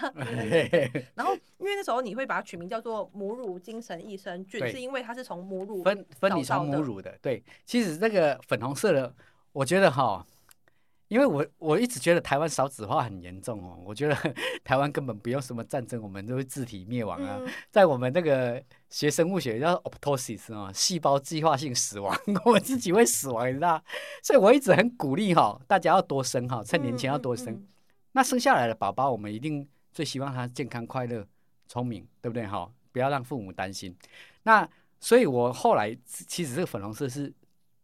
然後因為那時候你會把它取名叫做母乳精神益生菌，對是因為它是從母乳造造分分離母乳
的。對，其實這個粉紅色的，我覺得哈、哦。因為我我一直覺得台灣少子化很嚴重哦，我覺得台灣根本不用什麼戰爭，我們都會自體滅亡啊！在我們那個學生物學叫 optosis 啊、哦，細胞計劃性死亡，我們自己會死亡，你知道？所以我一直很鼓勵哈、哦，大家要多生哈、哦，趁年輕要多生。嗯嗯、那生下來的寶寶，我們一定最希望他健康、快樂、聰明，對不對哈、哦？不要讓父母擔心。那所以我後來其實這個粉紅色是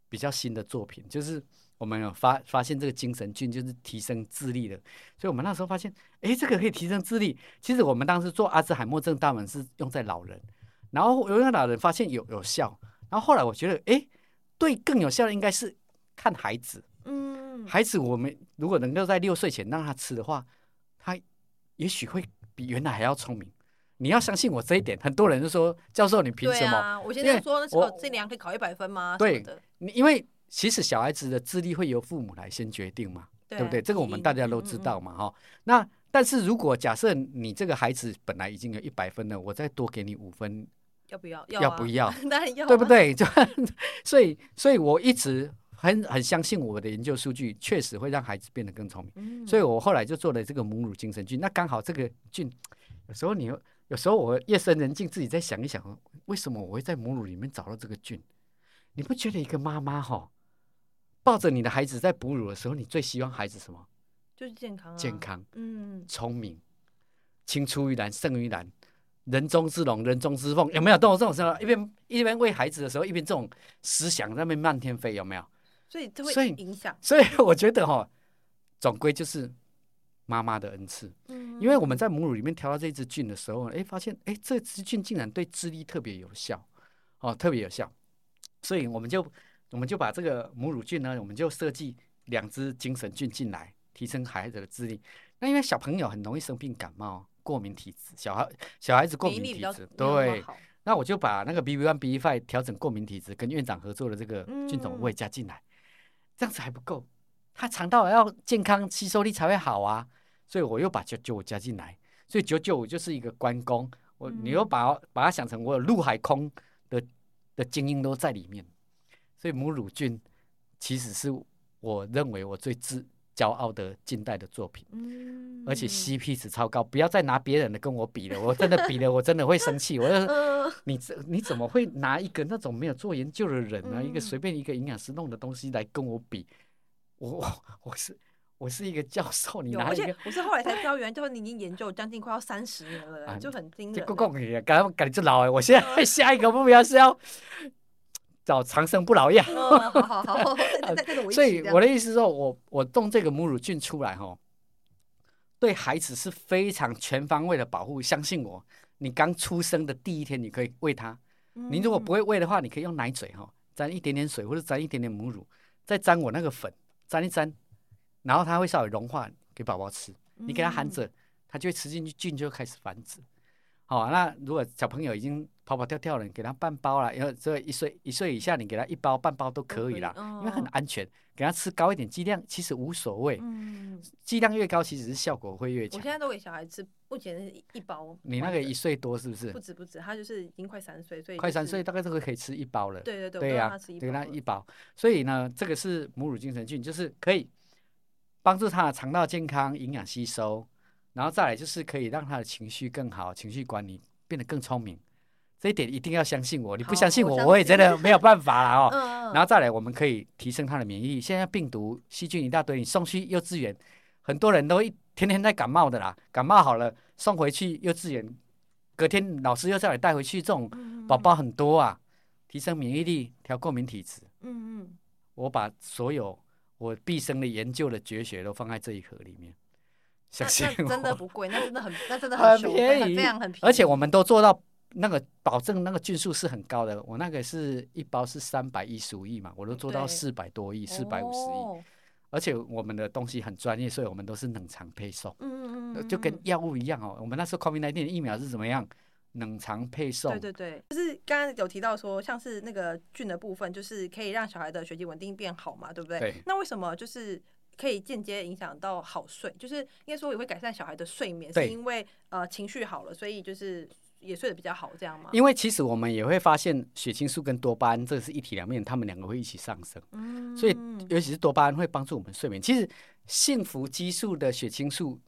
比較新的作品，就是。我們有發發現這個精神菌就是提升智力的，所以我們那時候發現，哎，這個可以提升智力。其實我們當時做阿茲海默症大門是用在老人，然後有一個老人發現有有效，然後後來我覺得，哎，對，更有效的應該是看孩子。嗯，孩子我們如果能夠在六歲前讓他吃的話，他也許會比原來還要聰明。你要相信我這一點，很多人就說，教授，你憑什麼？對啊，我現在說，為我
這年可以考一百分嗎？對，的
因為。其實小孩子的智力會由父母來先決定嘛，對，對不對？這個我們大家都知道嘛，哈、嗯。吼那但是如果假設你這個孩子本來已經有一百分了，我再多給你五分，要
不要？要不要？對不對？就
所以，所以我一直很很相信我的研究數據，確實會讓孩子變得更聰明。嗯、所以我後來就做了這個母乳益生菌。那剛好這個菌，有時候你有時候我夜深人靜自己再想一想，為什麼我會在母乳裡面找到這個菌？你不覺得一個媽媽哈？抱着你的孩子在哺乳的時候，你最希望孩子什麼？
就是健康、啊、健康，嗯，
聰明，青出於藍勝於藍，人中之龍，人中之鳳，有沒有？到這種時候，一邊一邊餵孩子的時候，一邊這種思想在那邊漫天飛，有沒有？
所以這會，所以影響，所
以我覺得哈，總歸就是媽媽的恩賜。
嗯，因為我
們在母乳裡面挑到這一支菌的時候，哎、欸，發現哎、欸，這支菌竟然對智力特別有效，哦，特別有效，所以我們就。我們就把這個母乳菌呢，我們就設計兩隻精神菌進來，提升孩子的智力。那因為小朋友很容易生病、感冒、過敏體質，小孩小孩子過敏體質，比比對。那我就把那個 BB1、BB5 調整過敏體質，跟院長合作的這個菌種我也加進來。嗯、這樣子還不夠，他腸道要健康，吸收力才會好啊。所以我又把九九五加進來，所以九九五就是一個關公。我，你又把、嗯、把它想成我有陸海空的的精英都在裡面。所以母乳菌，其實是我認為我最自驕傲的近代的作品，嗯、而且 CP 值超高。不要再拿別人的跟我比了，我真的比了 我真的會生氣。我就說，呃、你這你怎麼會拿一個那種沒有做研究的人呢、啊？嗯、一個隨便一個營養師弄的東西來跟我比？我我，我是我是一個教授，你拿一個，我是後
來才知道，原來就你已經研究將近快要三十年了，啊、就很
驚人了。這夠夠的，趕趕着老。我現在、呃、下一個目標是要。找長生不老藥，
所以我的意思是
說，我我動這個母乳菌出來哈、哦，對孩子是非常全方位的保護。相信我，你剛出生的第一天，你可以餵他。你如果不會餵的話，嗯、你可以用奶嘴哈，沾一點點水，或者沾一點點母乳，再沾我那個粉，沾一沾，然後它會稍微融化，給寶寶吃。你給他含着，嗯、它就會吃進去菌，菌就會開始繁殖。好、哦，那如果小朋友已經。跑跑跳跳的，你給他半包了，因為這一歲一歲以下，你給他一包半包都可以了，以哦、因為很安全。給他吃高一點劑量其實無所謂，劑、嗯、量越高其實是效果會越強。我
現在都給小孩吃，不僅是一包。你那個一
歲多是不是？不
止不止，他就是已經快三歲，所以、就是、快三歲大概這個可以
吃一包了。對對對，對呀、啊，給他一包。所以呢，這個是母乳益生菌，就是可以幫助他腸道健康、營養吸收，然後再來就是可以讓他的情緒更好，情緒管理變得更聰明。這一點一定要相信我，你不相信我，我相信我也真的沒有辦法了哦。嗯、然後再來，我們可以提升他的免疫力。現在病毒、細菌一大堆，你送去幼稚園，很多人都一天天在感冒的啦，感冒好了送回去幼稚園，隔天老師又叫你帶回去，這種寶寶很多啊。嗯嗯。提升免疫力，調過敏體質。嗯嗯。我把所有我畢生的研究的絕學都放在這一盒裡面，相信我。真的
不貴， 那真的很，那真的很便宜，很便宜。非常很便宜，而
且我們都做到。那個保證那個菌數是很高的，我那個是一包是三百一十五億嘛，我都做到四百多億，四百五十億。哦、而且我們的東西很專業，所以我們都是冷藏配送。
嗯嗯嗯，就跟
藥物一樣哦。我們那時候 COVID-19 的疫苗是怎麼樣？冷藏配送。對
對對。就是剛剛有提到說，像是那個菌的部分，就是可以讓小孩的學習穩定變好嘛，對不對？對。那為什麼就是可以間接影響到好睡？就是應該說也會改善小孩的睡眠，是因為對呃情緒好了，所以就是。也睡得比較好，這樣嗎？因為
其實我們也會發現，血清素跟多巴胺這是一體兩面，他們兩個會一起上升。嗯、所以尤其是多巴胺會幫助我們睡眠。其實，幸福激素的血清素，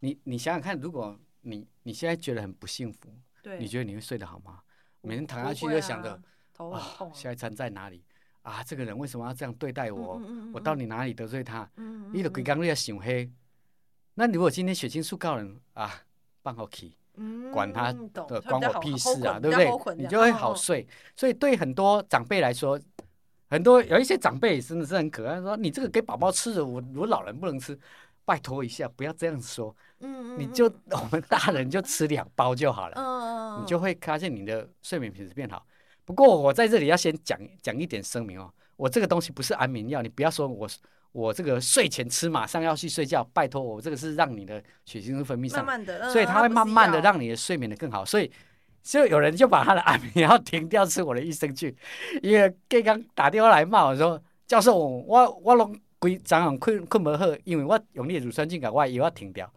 你你想想看，如果你你現在覺得很不幸福，對你覺得你會睡得好嗎？
每天躺下去就想着，啊，
頭痛，下一餐在哪裡？啊，這個人為什麼要這樣對待我？嗯嗯嗯、我到底哪裡得罪他？嗯嗯嗯、你的鬼工日要醒。黑？那如果今天血清素高了啊，放好氣。管他的，關、嗯、我屁事啊，對不對？你就會好睡。哦、所以對很多長輩來說，很多有一些長輩真的是很可愛，說，你這個給寶寶吃的，我我老人不能吃。拜托一下，不要這樣說。嗯，你就、嗯、我們大人就吃兩包就好了。嗯、你就會發現你的睡眠品質變好。嗯、不過我在這裡要先講講一點聲明哦，我這個東西不是安眠藥，你不要說我。我這個睡前吃，馬上要去睡覺，拜托我這個是讓你的血清素分泌上，慢慢嗯、所以它會慢慢的讓你的睡眠得更好。所以，就有人就把他的安眠藥停掉吃我的益生菌，因為剛剛打電話來罵我說， 教授我我我攏規整晚困困不好，因為我用列乳酸菌搞，我又要停掉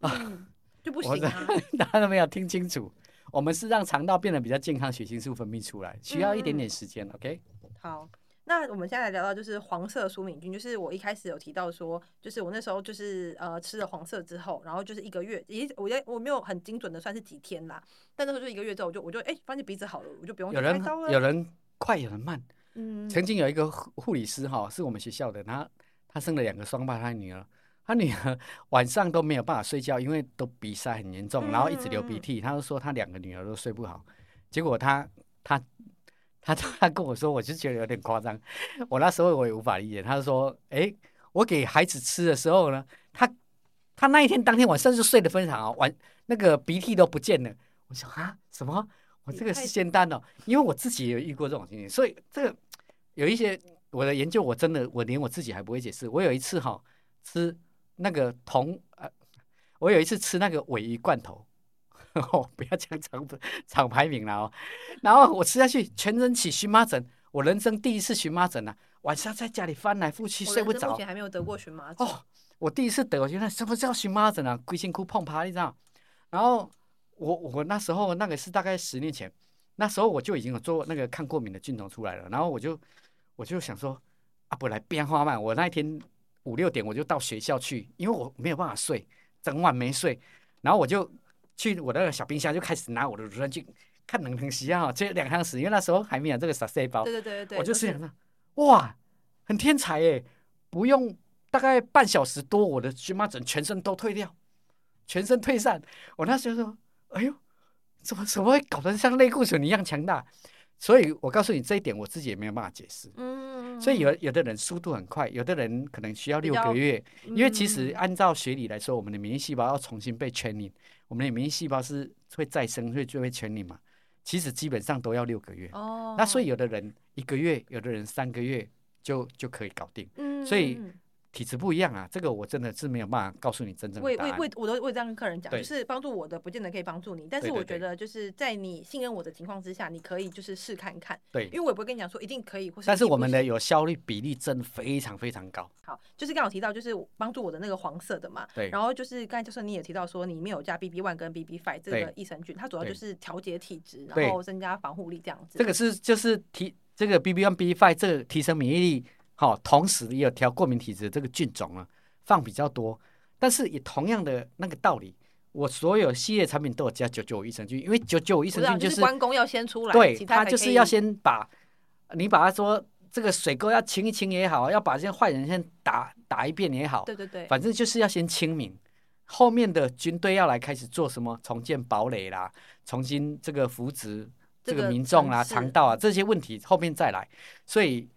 啊、
嗯、就不行
大、啊、家 都沒有聽清楚，我們是讓腸道變得比較健康，血清素分泌出來需要一點點時間、嗯、，OK？
好。那我們現在來聊到就是黃色舒敏菌，就是我一開始有提到說，就是我那時候就是呃吃了黃色之後，然後就是一個月，咦，我我我沒有很精準的算是幾天啦，但那時候就一個月之後我，我就我就哎發現鼻子好了，我就不用了，有人有人
快有人慢，嗯，曾經有一個護理師哈、哦，是我們學校的，然後他生了兩個雙胞胎女兒，他女兒晚上都沒有辦法睡覺，因為都鼻塞很嚴重，嗯嗯，然後一直流鼻涕，他就說他兩個女兒都睡不好，結果他他。他突然跟我說，我就覺得有點誇張。我那時候我也無法理解。他就說：“誒、欸，我給孩子吃的時候呢，他，他那一天當天晚上就睡得非常好，晚那個鼻涕都不見了。我想”我說：“啊，什麼？我這個是仙丹哦、喔，因為我自己也有遇過這種情形，所以這個有一些我的研究，我真的我連我自己還不會解釋。我有一次哈、喔、吃那個銅呃，我有一次吃那個鮪魚罐頭。” 哦，不要講廠牌名了哦。然後我吃下去，全身起蕁麻疹，我人生第一次蕁麻疹啊！晚上在家裡翻來覆去，睡不着。我之前
還沒有得過蕁麻疹
哦，我第一次得，我原來什麼叫蕁麻疹啊？規身軀碰趴，你知道？然後我我那時候那個是大概十年前，那時候我就已經有做那個抗過敏的菌種出來了。然後我就我就想說啊，本來變化慢，我那一天五六點我就到學校去，因為我沒有辦法睡，整晚沒睡。然後我就。去我的那個小冰箱就開始拿我的乳酸菌，啊，看能不能吃啊，就兩湯匙，因為那時候還沒有這個 sachet 包。對對
對對對。我就是想
到，對哇，很天才哎，欸！不用大概半小時多，我的蕁麻疹全身都退掉，全身退散。嗯、我那時候說，哎呦，怎麼怎麼會搞得像類固醇一樣強大？所以我告訴你這一點，我自己也沒有辦法解釋。嗯。所以有有的人速度很快，有的人可能需要六個月，嗯，因為其實按照學理來說，我們的免疫細胞要重新被 training，我們的免疫細胞是會再生，所以就會，會 training 嘛。其實基本上都要六個月。哦。那所以有的人一個月，有的人三個月就就可以搞定。嗯。所以。體質不一樣啊，這個我真的是沒有辦法告訴你真正的答案。為為為，
我都會這樣跟客人講，對就是幫助我的，不見得可以幫助你。但是我覺得，就是在你信任我的情況之下，你可以就是試看看。對。因為我也不會跟你講說一定可以，但是我們
的有效率比例真非常非常高。
好，就是剛剛有提到，就是幫助我的那個黃色的嘛。對。然後就是剛才教授你也提到說，裡面有加 B B One 跟 B B Five 這個益生菌，對它主要就是調節體質，對然後增加防護力這樣子。這個是
就是提這個 BB 1, B B One B B Five 這個提升免疫力。哦，同時也有調過敏體質這個菌種了、啊，放比較多，但是也同樣的那個道理，我所有系列產品都有加九九五益生菌，因為九九五益生菌、就是是啊、就是關公
要先出來，對他，他就是要先
把，你把他說這個水溝要清一清也好，要把這些壞人先打打一遍也好，對對對，反正就是要先清明。後面的軍隊要來開始做什麼重建堡壘啦，重新這個扶植
這個民眾啊、腸道
啊這些問題後面再來，所以。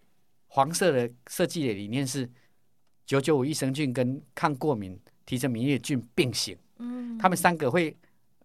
黃色的設計的理念是九九五益生菌跟抗過敏提升免疫力菌並行，嗯，他們三個會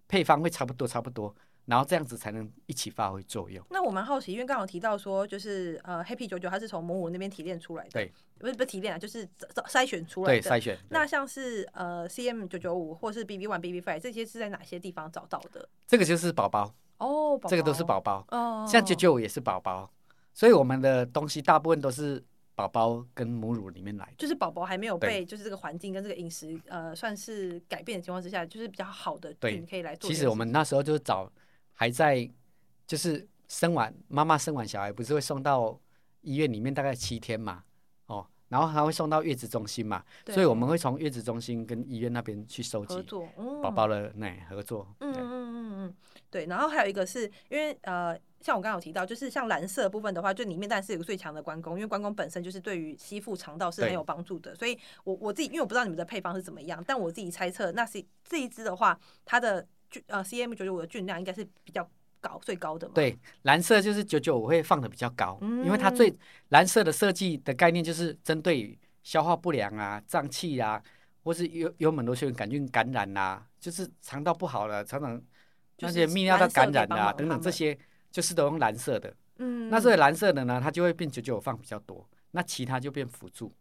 配方會差不多差不多，然後這樣子才能一起發揮作用。
那我蠻好奇，因為剛好提到說，就是呃，Happy 九九它是從母乳那邊提煉出來的，對不，不是不是提煉啊，就是找篩選出來的對，篩選。那像是呃，CM 九九五或是 BB one BB five 這些是在哪些地方找到的？
這個就是寶寶哦，
寶寶這個都是
寶寶哦，像九九五也是寶寶。所以我們的東西大部分都是寶寶跟母乳裡面來的，就
是寶寶還沒有被就是這個環境跟這個飲食對呃算是改變的情況之下，就是比較好的，對，你可以來做。其實我們
那時候就是找還在就是生完、嗯、媽媽生完小孩不是會送到醫院裡面大概七天嘛，哦，然後還會送到月子中心嘛，對所以我們會從月子中心跟醫院那邊去收集、嗯、寶寶的奶、嗯、合作。嗯，嗯
嗯嗯嗯。對，然後還有一個是，因為呃，像我剛剛有提到，就是像藍色的部分的話，就裡面當然是有個最強的關公，因為關公本身就是對於吸附腸道是很有幫助的，對所以我我自己因為我不知道你們的配方是怎麼樣，但我自己猜測，那是這一支的話，它的菌呃 C M 九九五的菌量應該是比較高、最高的嘛。對，
藍色就是九九五會放的比較高，嗯、因為它最藍色的設計的概念就是針對消化不良啊、脹氣啊，或是有有很多細菌感染啊，就是腸道不好了，常常。
那些泌尿道感染啊，等等，這些
就是都用藍色的。嗯，那是藍色的呢，它就會變九九五放比較多，那其他就變輔助。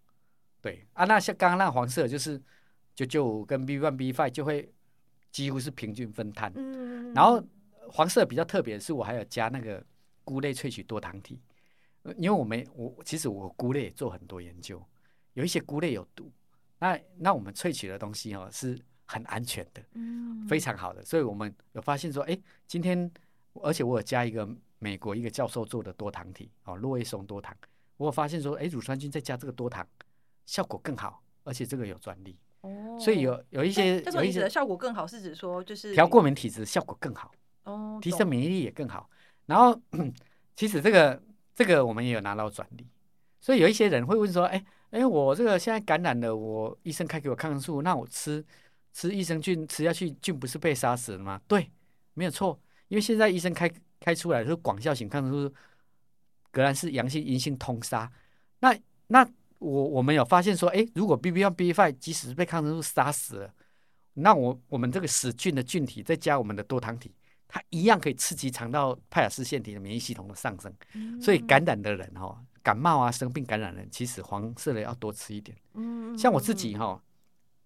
對啊，那像剛剛那個黃色就是九九五跟 B one B five 就會幾乎是平均分攤。嗯，然後黃色比較特別的是我還有加那個菇類萃取多糖體，因為我們我其實我菇類也做很多研究，有一些菇類有毒，那那我們萃取的東西哦是。很安全的，非常好的，嗯、所以我們有發現說，哎、欸，今天，而且我有加一個美國一個教授做的多糖體哦，落葉松多糖，我有發現說，哎、欸，乳酸菌再加這個多糖，效果更好，而且這個有專利，哦、所以有有一些，就是說指的效
果更好，是指說就是調過敏
體質效果更好哦，提升免疫力也更好。哦、然後、嗯、其實這個這個我們也有拿到專利，所以有一些人會問說，哎、欸、哎、欸，我這個現在感染了，我醫生開給我抗生素，那我吃。吃益生菌吃下去，菌不是被殺死了嗎？對，沒有錯。因為現在醫生開開出來的是廣效型抗生素，革蘭氏陽性、陰性通殺。那那我我們有發現說，哎、欸，如果 BB1、BB5，即使是被抗生素殺死了，那我我們這個死菌的菌體，再加我們的多糖體，它一樣可以刺激腸道派爾斯腺體的免疫系統的上升。所以感染的人哈、哦，感冒啊、生病感染的人，其實黃色的要多吃一點。像我自己哈、哦。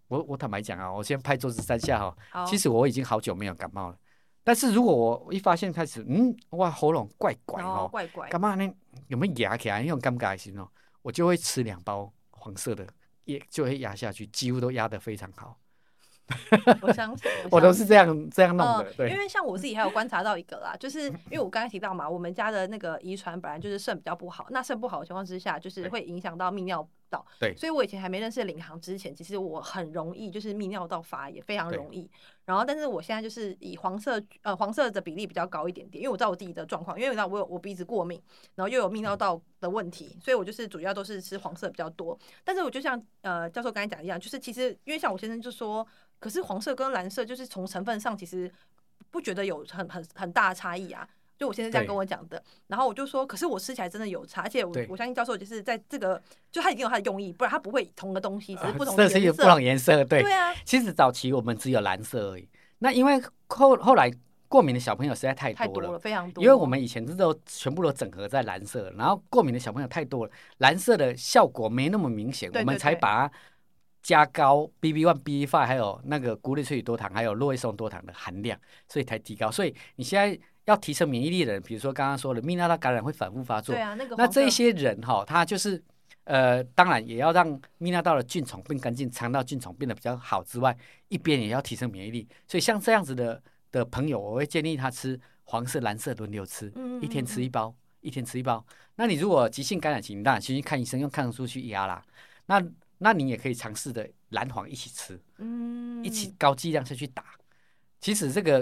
我我坦白講啊，我先拍桌子三下哈。好其實我已經好久沒有感冒了，但是如果我一發現開始，嗯，哇，喉嚨怪怪哦，幹嘛呢？怪怪的，有沒有壓起來？因為感冒還哦，我就會吃兩包黃色的，也就會壓下去，幾乎都壓得非常好。
我相信，我
相信，我都是這樣這樣弄的。嗯，對，因為
像我自己還有觀察到一個啦， 就是因為我剛才提到嘛，我們家的那個遺傳本來就是腎比較不好，那腎不好的情況之下，就是會影響到泌尿。嗯到，對所以我以前還沒認識領航之前，其實我很容易就是泌尿道發炎，非常容易，對然後但是我現在就是以黃色呃黃色的比例比較高一點點，因為我知道我自己的狀況，因為你知道我有我鼻子過敏，然後又有泌尿道的問題，嗯、所以我就是主要都是吃黃色比較多。但是我就像呃教授剛才講一樣，就是其實因為像我先生就說，可是黃色跟藍色就是從成分上其實不覺得有很很很大的差異啊。就我先生這樣跟我講的，對然後我就說，可是我吃起來真的有差，而且我對我相信教授就是在這個，就他已經有他的用意，不然他不會同個東西，只是不同的顏有、呃、不同顏
色，對，對啊。其實早期我們只有藍色而已，那因為後後來過敏的小朋友實在太多了，多了非常多，因為我們以前都全部都整合在藍色，然後過敏的小朋友太多了，藍色的效果沒那麼明顯，對對對我們才把它加高 BB1、BB5 還有那個菇類萃取多糖，還有落葉松多糖的含量，所以才提高，所以你現在。要提升免疫力的人，比如說剛剛說的泌尿道感染會反覆發作，對啊那個、那這些人哈、哦，他就是呃，當然也要讓泌尿道的菌叢變乾淨，腸道菌叢變得比較好之外，一邊也要提升免疫力。所以像這樣子的的朋友，我會建議他吃黃色、藍色輪流吃，嗯嗯嗯一天吃一包，一天吃一包。那你如果急性感染型，那先去，去看醫生，用抗生素去壓啦。那那你也可以嘗試的藍黃一起吃，一起高劑量下去打。嗯、其實這個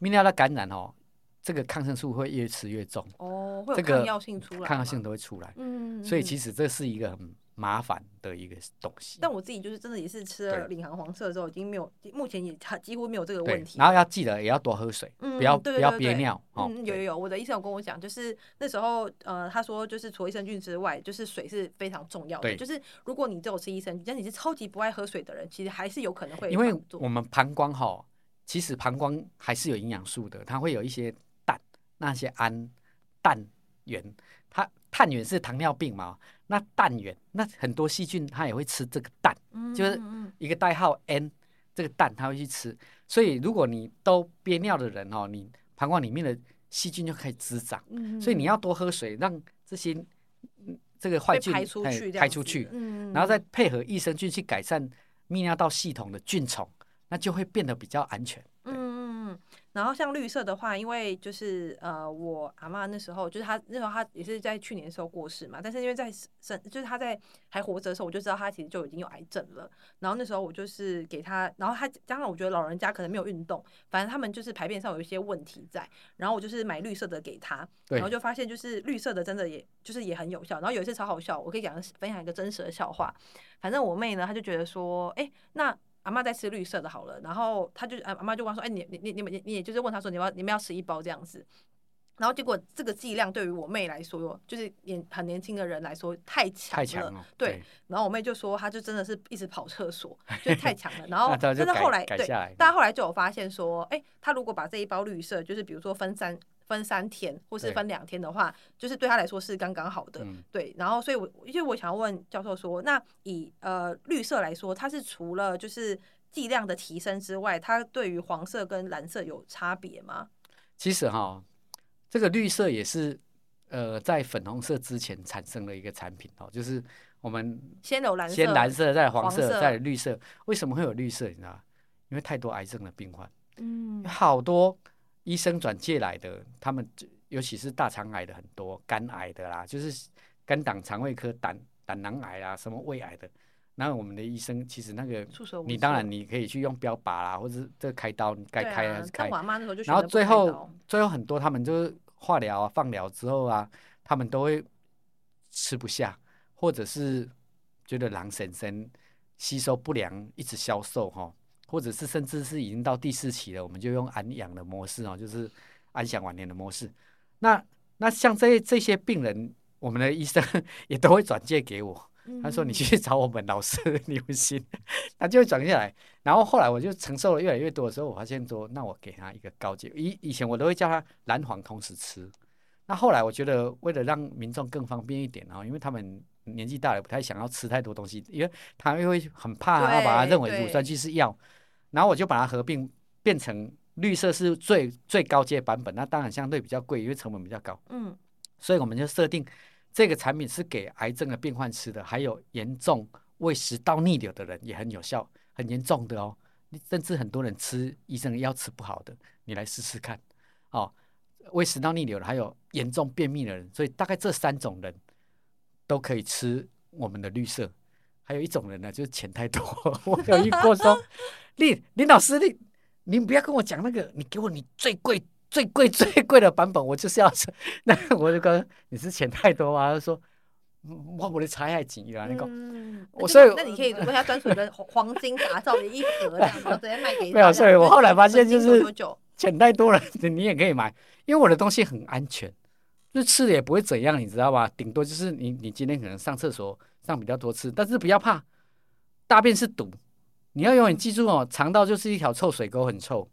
泌尿道感染哦。這個抗生素會越吃越重哦，會有抗藥性出來，抗藥性都會出來。嗯，嗯所以其實這是一個很麻煩的一個東西。
但我自己就是真的也是吃了領航黃色之後，對已經沒有，目前也幾乎沒有這個問題。然
後要記得也要多喝水，嗯、不要對對對對不要憋尿。對嗯，有
有有，我的醫生有跟我講，就是那時候呃，他說就是除了益生菌之外，就是水是非常重要的。對就是如果你只有吃益生菌，但你是超級不愛喝水的人，其實還是有可能會因為我
們膀胱哈，其實膀胱還是有營養素的，它會有一些。那些氨、氮、源，它碳源是糖尿病嘛？那氮源，那很多細菌它也會吃這個氮，嗯嗯就是一個代號 N，這個氮它會去吃。所以如果你都憋尿的人哦，你膀胱裡面的細菌就開始滋長。嗯嗯所以你要多喝水，讓這些這個壞菌排出去，欸，排出去，嗯嗯然後再配合益生菌去改善泌尿道系統的菌叢，那就會變得比較安全。
然後像綠色的話，因為就是呃，我阿嬤，那時候就是她那時候她也是在去年的時候過世嘛，但是因為在生就是她在還活着的時候，我就知道她其實就已經有癌症了。然後那時候我就是給她，然後她加上我覺得老人家可能沒有運動，反正他們就是排便上有一些問題在。然後我就是買綠色的給她，然後就發現就是綠色的真的也就是也很有效。然後有一次超好笑，我可以講分享一個真實的笑話。反正我妹呢，她就覺得說，哎，那。阿媽在吃綠色的，好了，然後她就阿阿媽就問說，哎，欸，你你你你們你你就是問她說，你要你們要吃一包這樣子，然後結果這個劑量對於我妹來說，就是年很年輕的人來說太強了，強了對，對然後我妹就說，她就真的是一直跑廁所， 就太強了，然後 那就但是後來改下來，對但後來就有發現說，哎，欸，她如果把這一包綠色，就是比如說分三。分三天或是分兩天的話，對就是對他來說是剛剛好的。嗯、對，然後所以我，我因為我想問教授說，那以呃綠色來說，它是除了就是劑量的提升之外，它對於黃色跟藍色有差別嗎？
其實哈、哦，這個綠色也是呃在粉紅色之前產生了一個產品哦，就是我們
先有藍色，先藍色再黃色再
色綠色，為什麼會有綠色？你知道嗎？因為太多癌症的病患，嗯，好多。醫生轉介來的，他們就尤其是大腸癌的很多，肝癌的啦，就是肝膽腸胃科、膽膽囊癌啊，什麼胃癌的。那我們的醫生其實那個，你當然你可以去用標靶啦、啊，或者這開刀，該開還是開。啊、開然後最後最後很多他們就是化療啊、放療之後啊，他們都會吃不下，或者是覺得狼神神吸收不良，一直消瘦哈。或者是甚至是已經到第四期了，我們就用安養的模式啊、哦，就是安享晚年的模式。那那像這這些病人，我們的醫生也都會轉介給我，他說你去找我們老師林文鑫， 他就會轉下來。然後後來我就承受了越來越多的時候，我發現說，那我給他一個高階，以以前我都會叫他藍黃同時吃。那後來我覺得為了讓民眾更方便一點、哦，然因為他們年紀大了，不太想要吃太多東西，因為他們又會很怕、啊，對他把他認為乳酸菌是藥。然後我就把它合併，變成綠色是最最高階的版本，那當然相對比較貴，因為成本比較高。嗯，所以我們就設定這個產品是給癌症的病患吃的，還有嚴重胃食道逆流的人也很有效，很嚴重的哦，甚至很多人吃醫生的藥，吃不好的，你來試試看。哦，胃食道逆流的還有嚴重便秘的人，所以大概這三種人都可以吃我們的綠色。還有一種人呢，就是錢太多， 我有一鍋說。 林林老師，你你不要跟我講那個，你給我你最貴最貴最貴的版本，我就是要 那我就跟你是錢太多啊，他說我我的查一下錢啊，那個、嗯、我所以那你可以為
他專屬的黃金打造的一盒這樣子， 直接賣給沒有，所以我後來發現就是
錢太多了，你 你也可以買，因為我的東西很安全，就吃的也不會怎樣，你知道吧？頂多就是你你今天可能上廁所上比較多次，但是不要怕，大便是毒。你要永遠記住哦，腸道就是一條臭水溝，很臭。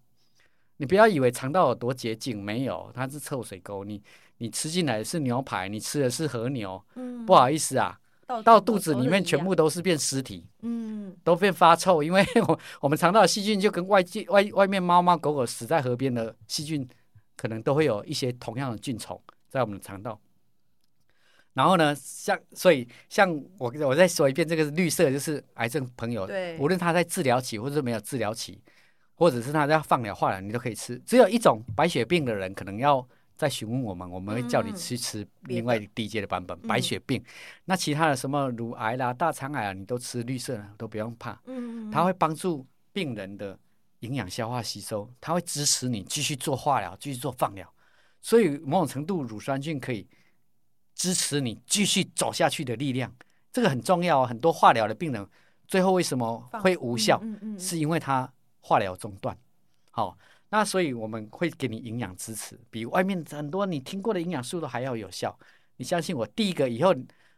你不要以為腸道有多潔淨，沒有，它是臭水溝。你你吃進來的是牛排，你吃的是和牛，嗯，不好意思啊，到肚子裡面全部都是變屍體，嗯，都變發臭，因為我我們腸道的細菌就跟外界外外面貓貓狗狗死在河邊的細菌，可能都會有一些同樣的菌蟲在我們的腸道。然後呢，像所以像我我再說一遍，這個是綠色，就是癌症朋友，對無論他在治療期或者沒有治療期，或者是他在放療化療，你都可以吃。只有一種白血病的人可能要再詢問我們，我們會叫你去吃另外一個低階的版本。嗯、白血病，嗯、那其他的什麼乳癌啦、大腸癌啊，你都吃綠色的，都不用怕。嗯，它會幫助病人的營養消化吸收，它會支持你繼續做化療、繼續做放療。所以某種程度，乳酸菌可以。支持你繼續走下去的力量，這個很重要，很多化療的病人最後為什麼會無效？嗯嗯嗯、是因為他化療中斷。好，那所以我們會給你營養支持，比外面很多你聽過的營養素都還要有效。你相信我，第一個以後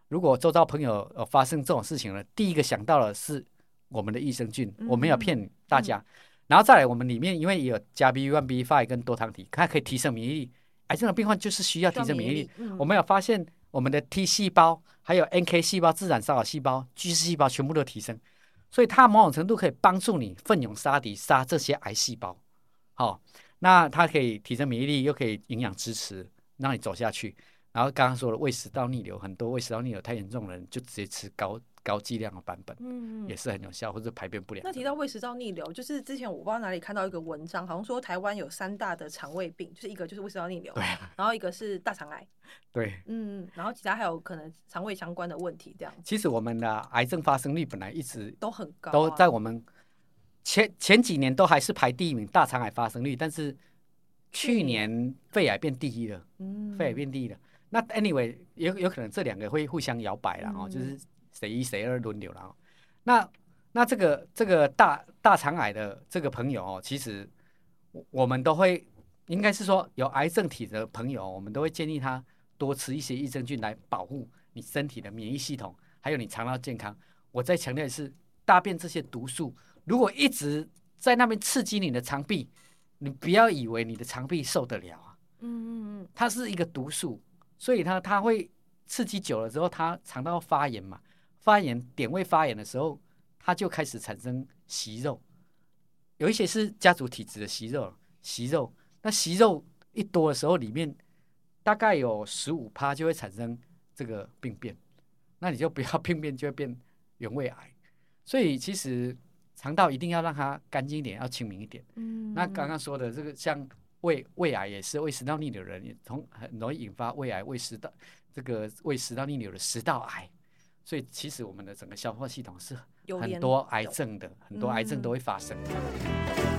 如果周遭朋友發生這種事情了，第一個想到的是我們的益生菌，嗯、我沒有騙你大家。嗯嗯、然後再來，我們裡面因為也有加 B1、B5 跟多糖體，它可以提升免疫力。癌症的病患就是需要提升免疫力。需要免疫力，嗯、我們有發現，我們的 T 細胞、還有 NK 細胞、自然殺手細胞、巨噬細胞全部都提升，所以它某種程度可以幫助你奮勇殺敵，殺這些癌細胞。好、哦，那它可以提升免疫力，又可以營養支持，讓你走下去。然後剛剛說了胃食道逆流，很多胃食道逆流太嚴重的人就直接吃高。高劑量的版本，嗯，也是很有效，或者排便不良。那提
到胃食道逆流，就是之前我不知道哪裡看到一個文章，好像說台灣有三大的腸胃病，就是一個就是胃食道逆流，對、啊，然後一個是大腸癌，對，嗯，然後其他還有可能腸胃相關的問題這樣。
其實我們的癌症發生率本來一直都
很高，都在我
們前前幾年都還是排第一名大腸癌發生率，但是去年肺癌變第一了，嗯，肺癌變第一了。那 anyway，有有可能這兩個會互相搖擺了哦，嗯、就是。誰一誰二輪流了，那那這個這個大大腸癌的這個朋友哦，其實我們都會應該是說有癌症體質的朋友，我們都會建議他多吃一些益生菌來保護你身體的免疫系統，還有你腸道健康。我再強調的是，大便這些毒素如果一直在那邊刺激你的腸壁，你不要以為你的腸壁受得了啊，嗯嗯嗯，它是一個毒素，所以它它會刺激久了之後，它腸道發炎嘛。發炎點位發炎的時候，它就開始產生息肉，有一些是家族體質的息肉，息肉。那息肉一多的時候，裡面大概有十五趴就會產生這個病變，那你就不要病變，就會變原位癌。所以其實腸道一定要讓它乾淨一點，要清明一點。嗯，那剛剛說的這個像胃胃癌也是胃食道逆流的人也從，從很容易引發胃癌，胃食道這個胃食道逆流的食道癌。所以，其實我們的整個消化系統是
很多癌症
的，有有很多癌症都會發生的。嗯